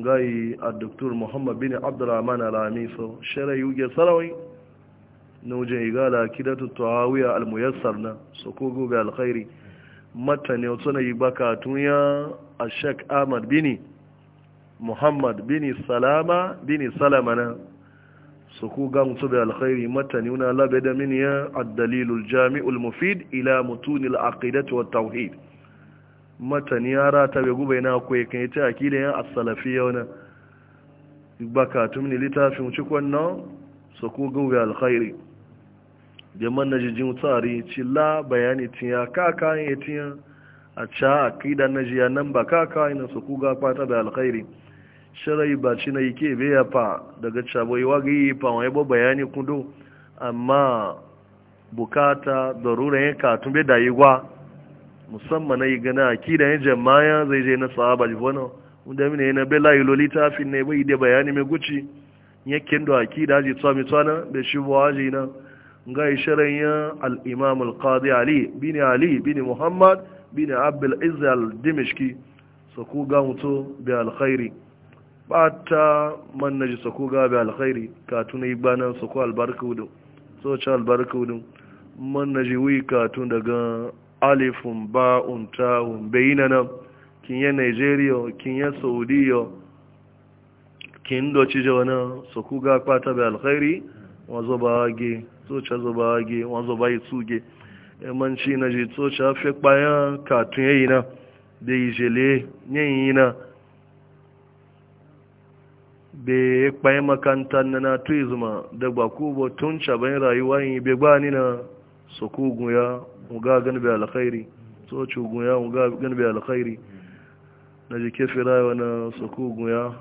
gai a doktor muhammad bin abdurrahman alami so shirai yuge sarawai na wajen igala kidatu tawawiya almuyassar na so kogo ga alkhairi mata ne wasu na yi baka tunya a shek ahmad bini muhammad bini salama bini salama na so su koga mutu da alkhairi mata ne wuna labe da miniya addalilul jami'ul mufid ila mutunil aqidatu wa tauhid matani yara ta bai gubai na kwaye kan yi ta akida yan asalafi yau na baka ne littafin cikon nan su ko gauga alkhairi jaman na jijin tsari cila bayani tiya kaka ya tiya a ca akida na jiya nan ba kaka yana su ko ga fata da alkhairi shirai ba ci na yi ke bai ya fa daga cabai yi fa wani ba bayani kudu amma bukata da rura yin katun bai da yi gwa musamman na yi gana a kidan yin jama'a zai je na sahaba jifona wanda mine na bela yi lolita fi ne bai da bayani mai guci yakin da a da aji tsami tsana da shi bu aji na ga isharan ya al al-qadi ali bin ali bin muhammad bin abdul izz al-dimishki sako ga mutu bi alkhairi Ba ta manna ji sako ga bi alkhairi ka tuna igbana sako hudu so albarka hudu man ji wuyi ka tun daga alifun ba'un ta'un bayina nan kinye nigeria kinye saudiya kin doci nan su kuga kwata bai alkhairi wanzo ba wage tsoce zo ba wage wanzo ba yi tsuge yamanci e na je tsoce hafi kpayan katun yayi na da yi jele yayi na be kpayan makanta na na tuizuma da gbakubo tun caban rayuwa yi bai gbani na sokogun ya muga gani bai alkhairi so cugun ya muga gani bai alkhairi na ji firaya rayuwa na soko guya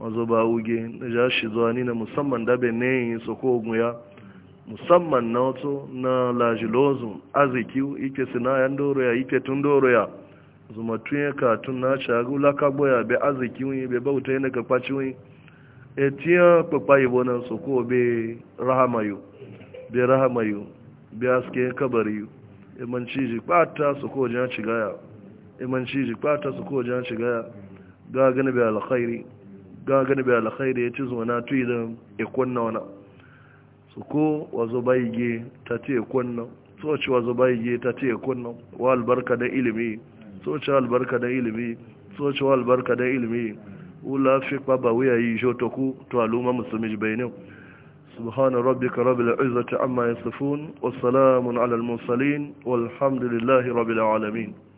mazo ba uge na ja shi zuwa ni na musamman dabe ne soko guya musamman na wato na lajilozu azikiu ike sina yan doro ya ike tun doro ya zuma tun ya katun na shagu laka ya be azikiu be bauta yana ka kwaci wani etiyan papa yi na soko be rahamayu be rahamayu be aske kabari imanci ji kwata su ko jan cigaya imanci ji kwata su ko ga gani bai alkhairi ga gani bai alkhairi ya ci zuwa na tuyi don ikonna wana su ko wazo ge ta ce ikon na soci wazo ge ta ce ikonna wa albarka da ilimi ci albarka da ilimi soci wa albarka da ilimi wula fi kpaba wuya yi jotoku to aluma musulmi bai ne سبحان ربك رب العزة عما يصفون والسلام على المرسلين والحمد لله رب العالمين